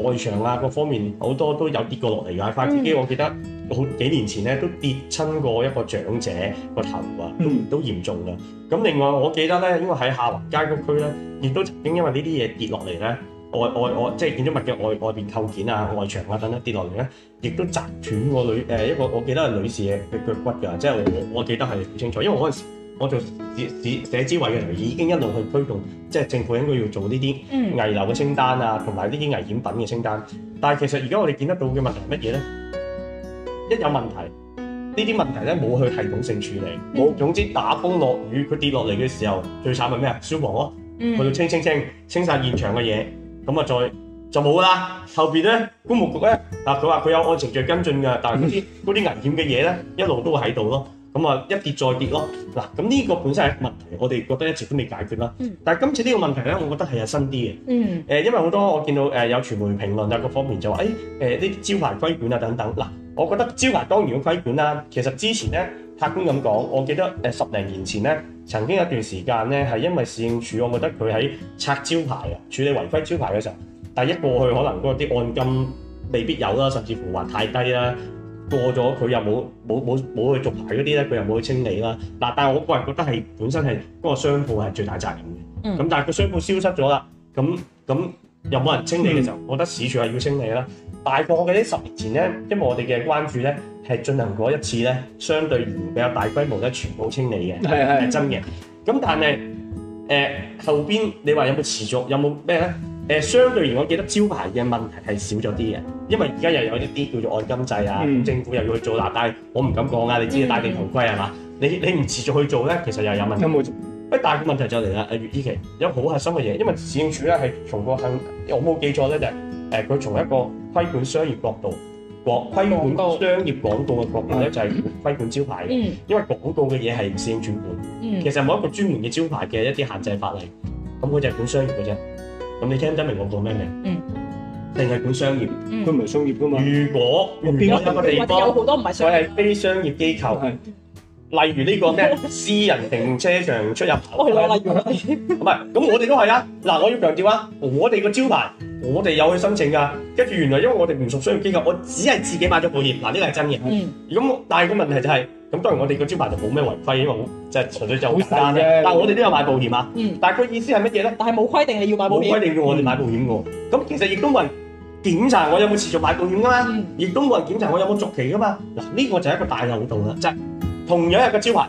外牆啊各方面好多都有跌過落嚟嘅。快跌機，我記得好幾年前咧都跌親過一個長者個頭啊，都、嗯、都嚴重嘅。咁另外我記得咧，因為喺下環街嗰區咧，亦都曾經因為呢啲嘢跌落嚟咧。外外我即係建築物嘅外外邊構件啊、外牆啊等等跌落嚟咧，亦都砸斷個女誒、呃、一個我士我，我記得係女士嘅腳骨㗎，即係我我記得係好清楚，因為我嗰陣時我做市市社諮委嘅，人已經一路去推動，即係政府應該要做呢啲危樓嘅清單啊，同埋呢啲危險品嘅清單。但係其實而家我哋見得到嘅問題係乜嘢咧？一有問題，呢啲問題咧冇去系統性處理，冇、嗯、總之打風落雨，佢跌落嚟嘅時候最慘係咩啊？消防咯，佢要清清清清晒現場嘅嘢。咁啊，再就冇啦。後面呢，公務局呢，啊，佢話佢有案情跟進㗎，但係嗰啲嗰啲危險嘅嘢呢，一路都喺度囉。咁啊，一跌再跌囉。嗱、啊，咁呢個本身係一問題，我哋覺得一直都未解決啦。但係今次呢個問題呢，我覺得係係新啲嘅、嗯呃。因為好多我見到、呃、有傳媒評論啊，各方面就話誒呢招牌規管呀等等。嗱、啊，我覺得招牌當然要規管啦。其實之前呢，客觀咁講，我記得、呃、十零年前呢。曾經有段時間呢，係因為市政處，我覺得佢喺拆招牌啊，處理違規招牌嘅時候，第一過去可能嗰啲按金未必有啦，甚至乎話太低啦，過咗佢又冇冇冇冇去續牌嗰啲呢，佢又冇去清理啦。嗱，但係我個人覺得係本身係嗰、嗰個商鋪係最大責任嘅。咁、嗯、但係佢商鋪消失咗啦，咁咁又冇人清理嘅時候、嗯，我覺得市處係要清理啦。大過我哋呢十年前呢，因為我哋嘅關注呢。係進行過一次咧，相對而言比較大規模咧，全部清理嘅，係係真嘅。咁但係誒、呃、後邊你話有冇持續有冇咩咧？誒、呃、相對而言，我記得招牌嘅問題係少咗啲嘅，因為而家又有一啲叫做按金制啊，嗯、政府又要去做啦。但係我唔敢講啊，你知啊，戴定頭盔係嘛？你你唔持續去做咧，其實又有問題。咁冇做。誒、嗯，但係個問題就嚟啦，阿月依期有好核心嘅嘢，因為市政署咧係從個向，我冇記錯咧就係誒佢從一個規管商業角度。國規管商業廣告嘅國家咧，就係規管招牌嘅，嗯，因為廣告嘅嘢係唔算轉換，嗯。其實冇一個專門嘅招牌嘅一啲限制法例，咁佢就係管商業嘅啫。咁你聽得明我講咩未？嗯，淨係管商業，佢唔係商業噶嘛。如果邊個地方有好多唔係，佢係非商業機構。嗯例如呢個咩， 私人停車場出入口啦，唔、哦、係，咁 似的 我哋都係啊。嗱，我要強調啊，我哋個招牌，我哋有去申請噶。跟住原來因為我哋唔屬商業機構，我只係自己買咗保險。嗱，呢個係真嘅。嗯。咁但係個問題就係、是，咁當然我哋個招牌就冇咩違規啊，因為好、即係純粹就好簡單啫、嗯。但係我哋都有買保險啊。嗯。但係佢意思係乜嘢咧？但係冇規定你要買保險。冇規定要我哋買保險噶。咁、嗯、其實亦都冇人檢查我有冇持續買保險噶嘛？亦都冇人檢查我有冇續期噶嘛？嗱，呢個就係一個大漏洞啦，就是。同樣一個招牌，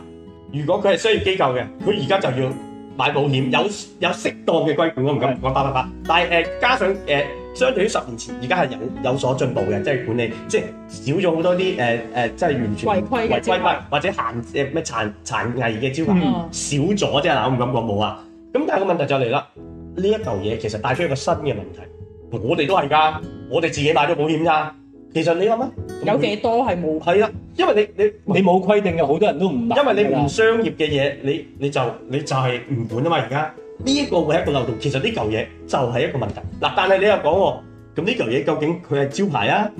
如果佢係商業機構嘅，佢而家就要買保險，有有適當嘅規管。我唔敢講八八八，但係、呃、加上、呃、相對於十年前，而家係有有所進步嘅，即、就、係、是、管理，即、就、係、是、少咗好多啲，即係完全違規或者限誒咩、呃、殘危嘅招牌、嗯、少咗啫。嗱，我唔敢講冇啊。咁但係個問題就嚟啦，呢一嚿嘢其實帶出一個新嘅問題，我哋都係㗎，我哋自己買咗保險咋。其實你諗啊，有幾多係冇規啦？因為你你你冇規定嘅，好多人都唔得。因為你唔商業嘅嘢，你你就你就係唔管啊嘛。而家呢一個會係一個漏洞。其實呢嚿嘢就係一個問題。嗱，但係你又講喎，咁呢嚿嘢究竟佢係招牌啊、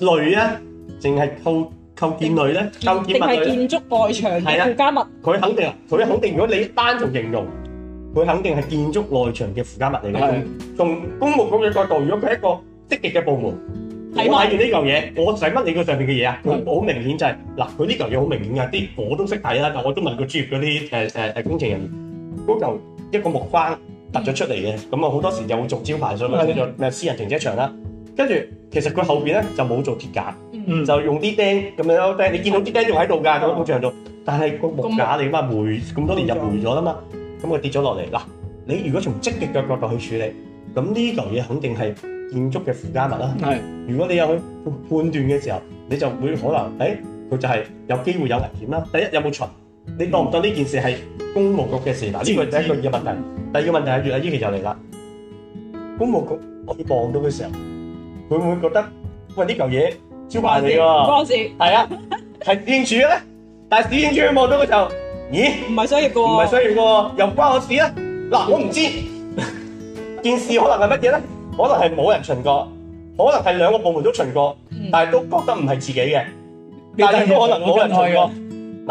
類啊，淨係構構件類咧，構件物類。係建築內牆嘅附加物。佢肯定，佢肯定。如果你單從形容，佢肯定係建築內牆嘅附加物嚟嘅。係。從公務局嘅角度，如果佢係一個積極嘅部門。我睇完呢嚿嘢，我使乜理佢上邊嘅嘢啊？佢好明顯就係嗱，佢呢嚿嘢好明顯嘅，啲我都識睇啦。但係我都問過專業嗰啲誒誒誒工程人員，嗰嚿一個木框凸咗出嚟嘅，咁啊好多時就會做招牌，所以咪叫做咩私人停車場啦。跟住其實佢後邊咧就冇做鐵架，就用啲釘咁樣釘。你見到啲釘仲喺度㗎，工場度。但係個木架嚟㗎嘛，黴咁多年就黴咗啦嘛，咁佢跌咗落嚟。嗱，你如果從積極嘅角度去處理，咁呢嚿嘢肯定係。建築嘅附加物啦，如果你有去判斷嘅時候，你就會可能，誒，佢就係有機會有危險啦。第一，有冇巡？你當唔當呢件事係公務局嘅事？嗱，呢個係第一個嘢問題。第二個問題，阿袁阿姨就嚟啦。公務局可以望到嘅時候，會唔會覺得喂呢嚿嘢招牌嚟嘅？唔關事。係啊，係店主咧，但係店主望到嘅時候，咦？唔係商業嘅喎，唔係商業嘅喎，又唔關我事啊？嗱，我唔知件事可能係乜嘢咧？可能係冇人巡過，可能係兩個部門都巡過，但係都覺得唔係自己嘅。但係都可能冇人巡過。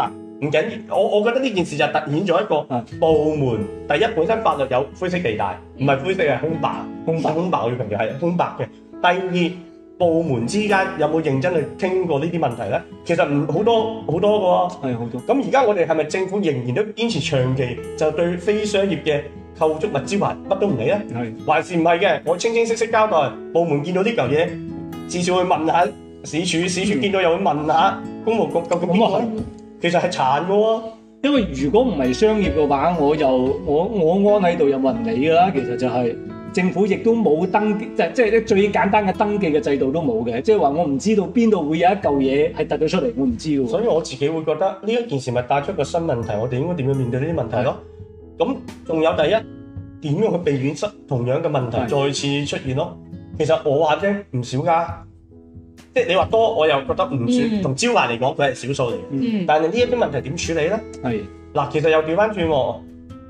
嗱，唔緊要，我我覺得呢件事就突顯咗一個部門。第一，本身法律有灰色地帶，唔係灰色係空白，空白，空白我要強調係空白嘅。第二，部門之間有冇認真去傾過呢啲問題呢？其實好多好多個，係好多。咁而家我哋係咪政府仍然都堅持長期就對非商業嘅？扣足物招還乜都唔理啊？還是唔係嘅？我清清晰晰交代，部門見到呢嚿嘢，至少會問下市署；市署市署見到又會問下。公務局究竟咁啊係，其實係殘嘅喎。因為如果唔係商業嘅話，我又我我安喺度又問你㗎啦。其實就係政府亦都冇登記，即係即係最簡單嘅登記嘅制度都冇嘅。即係話我唔知道邊度會有一嚿嘢係突咗出嚟，我唔知喎。所以我自己會覺得呢一件事咪帶出個新問題，我哋應該點樣面對呢啲問題咯？咁仲有第一點樣去避免失同樣嘅問題再次出現咯？其實我話啫唔少噶，即係你話多，我又覺得唔算。同招牌嚟講，佢係少數嚟嘅。但係呢一啲問題點處理咧？係嗱，其實又調翻轉喎。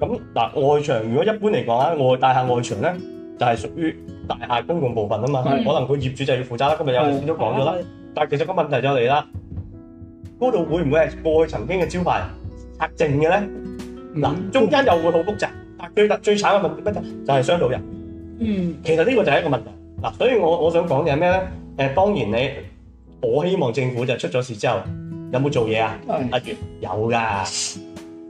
咁嗱，外牆如果一般嚟講啊，外大廈外牆咧就係屬於大廈公共部分啊嘛。可能佢業主就要負責啦。今日有先都講咗啦。但係其實個問題就嚟啦，嗰度會唔會係過去曾經嘅招牌拆淨嘅咧？嗯、中間又會好複雜，但最最慘嘅問題就係傷到人。嗯，其實呢個就係一個問題。嗱，所以我我想講嘅係咩咧？誒，當然你我希望政府就出咗事之後有冇做嘢啊？阿月有㗎，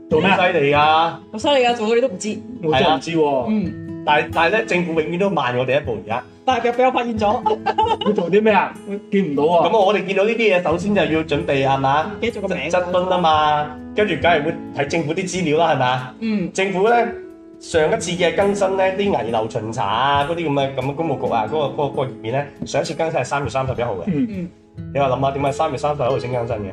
做咩犀利㗎？咁犀利㗎，做到你都唔知？我真係唔知喎，啊。嗯。但係但係咧，政府永遠都慢我哋一步而家。但係佢俾我發現咗，佢做啲咩啊？見唔到啊！咁啊，我哋見到呢啲嘢，首先就要準備係嘛？質質詢啊嘛，跟住梗係會睇政府啲資料啦，係咪？嗯。政府咧上一次嘅更新咧，啲危樓巡查啊，嗰啲咁嘅咁嘅公務局啊，嗰個嗰個嗰個頁面咧，上一次更新係三月三十一號嘅。嗯嗯。你話諗下點解三月三十一號先更新嘅？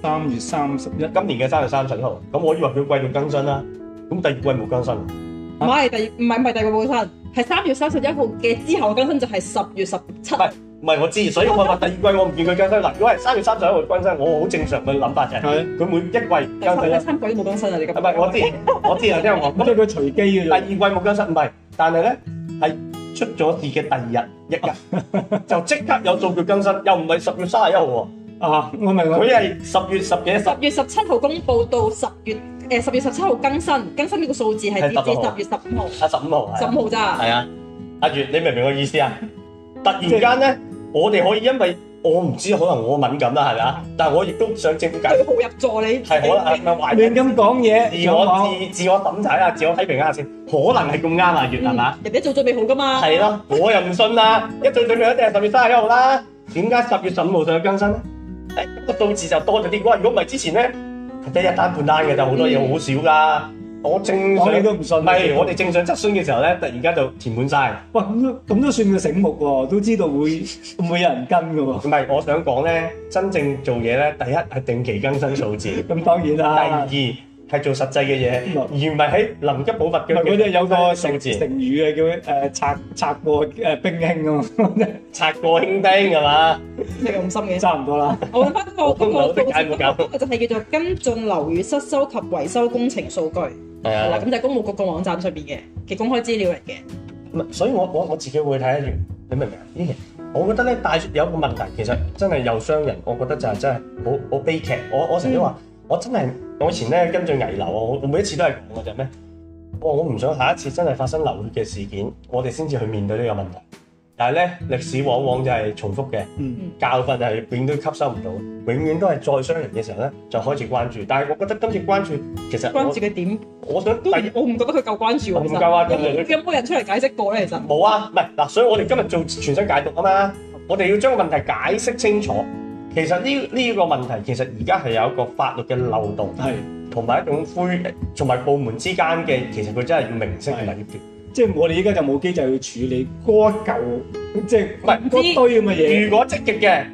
三月三十一，今年嘅三月三十一號。咁我以為佢季度更新啦，咁第二季冇更新。唔係第唔係唔係第二季冇更新，係三月三十一號嘅之後更新就係十月十七號。唔係唔係我知，所以我話第二季我唔見佢更新嗱。因為三月三十一號更新，我好正常嘅諗法就係佢每一季更新。第三季都冇更新啊？你咁唔係我知，我知啊，聽我。因為佢隨機嘅。第二季冇更新，唔係，但係咧係出咗事嘅第二日一日就即刻有做佢更新，又唔係十月三十一號。啊，我明佢係十月十幾十。十月十七號公佈到十月，誒，十月十七號更新，更新呢個數字係截至十月十五號。啊，十五號，十五號咋？係啊，阿月，你明唔明我意思啊？突然間咧，我哋可以因為我唔知，可能我敏感啦，係咪啊？但係我亦都想證據。對號入座，你係咪？亂咁講嘢，自我自自我審查一下，自我批評一下先。可能係咁啱阿月，係嘛？人哋做準備好噶嘛？係咯，我又唔信啦！一做準備一定係十月三十一號啦。點解十月十五號上去更新咧？誒，個數字就多咗啲。哇，如果唔係之前咧，得一單半單嘅，就、嗯、好多嘢好少噶。我正常你你你，我亦都唔信。唔係，我哋正想質詢嘅時候咧，突然間就填滿晒。哇，咁都咁都算叫醒目喎，都知道會 會，唔會有人跟噶。唔係，我想講咧，真正做嘢咧，第一係定期更新數字。咁 當然啦。第二。係做實際嘅嘢，而唔係喺《臨急寶物》嗰度。嗰啲係有個成字成語嘅叫咩？誒拆拆過誒冰兄啊嘛，拆過兄丁係嘛？咁深嘅差唔多啦。我揾翻個公務。都唔好識解咁。就係叫做跟進樓宇失修及維修工程數據。係啊。係啦，咁就公務局個網站上邊嘅嘅公開資料嚟嘅。唔係，所以我我我自己會睇一啲，你明唔明啊？咦，我覺得咧帶出有一個問題，其實真係又傷人。我覺得就係真係好好悲劇。我我成日都話。我真係我以前咧跟住危樓，我我每一次都係講嘅啫咩？我唔想下一次真係發生流血嘅事件，我哋先至去面對呢個問題。但係咧歷史往往就係重複嘅，教訓就係永遠都吸收唔到，永遠都係再傷人嘅時候咧就開始關注。但係我覺得今次關注，其實關注嘅點，我想都我唔覺得佢夠關注喎。唔夠啊！你有冇人出嚟解釋過咧？其實冇啊，唔係嗱，所以我哋今日做全新解讀啊嘛，我哋要將個問題解釋清楚。其實呢呢、這個問題其實而家係有一個法律嘅漏洞，係同埋一種灰，同埋部門之間嘅其實佢真係要明識嘅問題，即係我哋依家就冇機制去處理嗰一嚿，即係唔係嗰堆咁嘅嘢。如果積極嘅，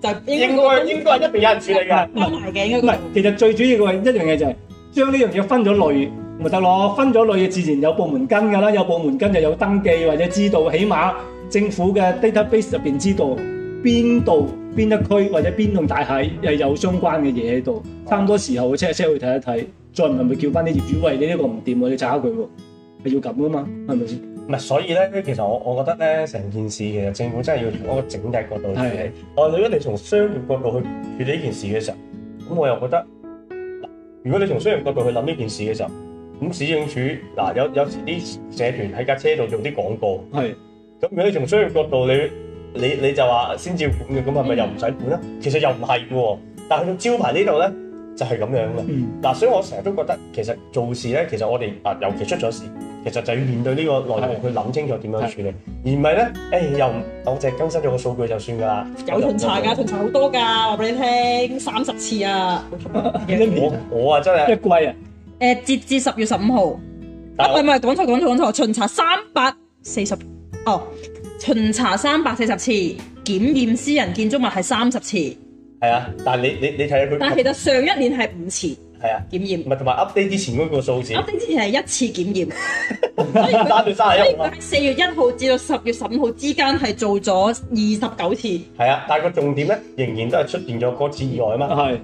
就應該應該一定有人處理嘅。唔係嘅，唔係。其實最主要嘅一樣嘢就係將呢樣嘢分咗類，咪得咯？分咗類嘅自然有部門跟㗎啦，有部門跟就有登記或者知道，起碼政府嘅 database 入邊知道。邊度邊一區或者邊棟大廈係有相關嘅嘢喺度，差唔多時候會車一車去睇一睇，再唔係咪叫翻啲業主，喂，你呢個唔掂喎，你查下佢喎，係要咁噶嘛，係咪先？唔係，所以咧，其實我我覺得咧，成件事其實政府真係要從一個整體角度去處理。係，我如果你從商業角度去處理呢件事嘅時候，咁我又覺得，如果你從商業角度去諗呢件事嘅時候，咁市政署嗱、啊、有有啲社團喺架車度做啲廣告，係，咁如果你從商業角度，你，業角度、啊、你，業角度你。你你就話先照管嘅，咁係咪又唔使管啊、嗯？其實又唔係喎，但係佢招牌呢度咧就係、是、咁樣嘅。嗱、嗯啊，所以我成日都覺得其實做事咧，其實我哋、啊、尤其出咗事，其實就要面對呢個內容，去諗清楚點樣處理，而唔係咧，誒、欸、又我淨係更新咗個數據就算㗎啦。有巡查㗎，巡查好多㗎，話俾你聽，三十次啊！我、 啊、我啊真係一季啊！誒、欸，截至十月十五號，唔係唔係，講、啊、錯講錯講錯巡查三百四十哦。巡查三百四十次，檢驗私人建築物係三十次。係啊，但係你你你睇下佢。但係其實上一年係五次檢驗。係啊，檢驗唔係同埋 update 之前嗰個數字。update 之前係一次檢驗。 打三十一啦。四月一號至到十月十五號之間係做咗二十九次。係啊，但係個重點咧，仍然都係出現咗個次意外啊嘛。係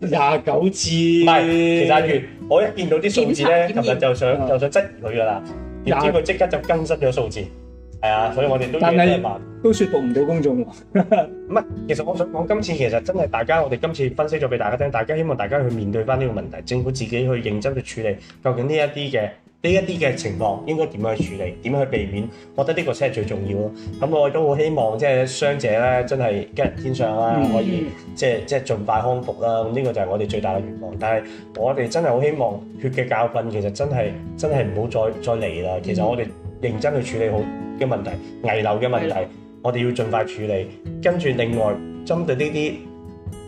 廿九次，唔係。其實阿月，我一見到啲數字咧，琴日就想就想質疑佢噶啦，然後佢即刻就更新咗數字。係啊，所以我哋都幾失望，都説服唔到公眾唔係。 其實我想講今次其實真係大家，我哋今次分析咗俾大家聽，大家希望大家去面對翻呢個問題，政府自己去認真去處理，究竟呢一啲嘅呢一啲嘅情況應該點樣去處理，點樣去避免？我覺得呢個先係最重要咯。咁我都好希望即係、就是、傷者咧，真係吉人天相啦，可以即係即係盡快康復啦。咁呢個就係我哋最大嘅願望。但係我哋真係好希望血嘅教訓其實真係真係唔好再再嚟啦、嗯。其實我哋認真去處理好。嘅問題，危樓嘅問題，我哋要盡快處理。跟住另外針對呢啲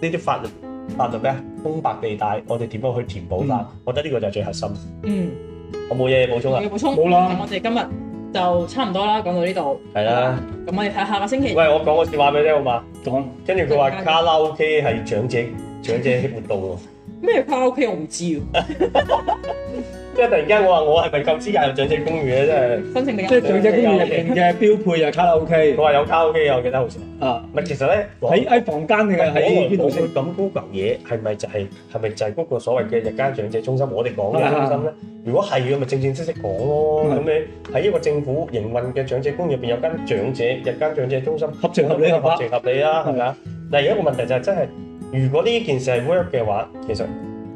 呢啲法律法律咩空白地帶，我哋點樣去填補法、嗯、我覺得呢個就係最核心。嗯，我冇嘢嘢補充啦。冇啦，了我哋今日就差唔多啦，講到呢度。係啦。咁我哋睇下個星期。喂，我講個笑話俾你聽好嘛？講、嗯。跟住佢話卡拉 OK 係長者、嗯、長者活動咩卡拉 OK？我唔知。 即係突然間，我話我係咪夠資格入長者公寓咧？真係，即係長者公寓入邊嘅標配又，卡拉 OK。佢話有卡拉 OK，我記得好似。啊，唔係其實咧，喺喺房間嘅喺邊度先咁高級嘢，係咪就係係咪就係嗰個所謂嘅日間長者中心？我哋講嘅中心咧，如果係嘅，咪正正式式講咯。咁你喺一個政府營運嘅長者公寓入邊有間長者日間長者中心，合情合理啊，合情合理啦，係咪啊？但係有一個問題就係真係，如果呢件事係 work 嘅話，其實。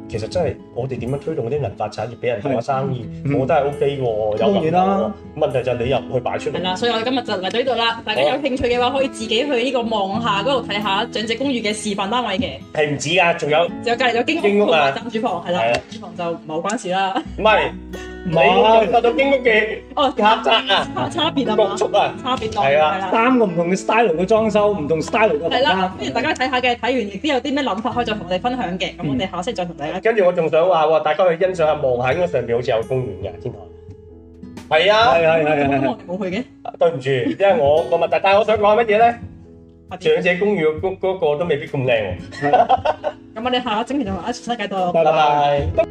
其實真係我哋點樣推動啲銀發產業俾人做下生意，係嗯、我覺得係 O K 嘅喎，有樓啦。問題就係你入去擺出嚟。係啦，所以我哋今日就嚟到呢度啦。大家有興趣嘅話，可以自己去呢個望下嗰度睇下長者公寓嘅示範單位嘅。係唔止㗎，仲有仲有隔離咗經屋，啊，暫住房係啦，暫住房就唔係好關事啦。唔係。 冇啊，發到《建築記》哦，狹窄啊，差別啊嘛，局促啊，差別多，係啊，三個唔同嘅 style 嘅裝修，唔同 style 嘅房間。係啦，跟住大家睇下嘅，睇完亦都有啲咩諗法，可以再同我哋分享嘅。咁我哋下個星期再同你。跟住我仲想話喎，大家去欣賞下望下，應該上面好似有公園嘅天台。係啊，係係係係。咁我哋冇去嘅。對唔住，即係我我問，但係我想講乜嘢咧？長者公寓嗰嗰個都未必咁靚喎。咁我哋下個星期就一齊繼續。拜拜。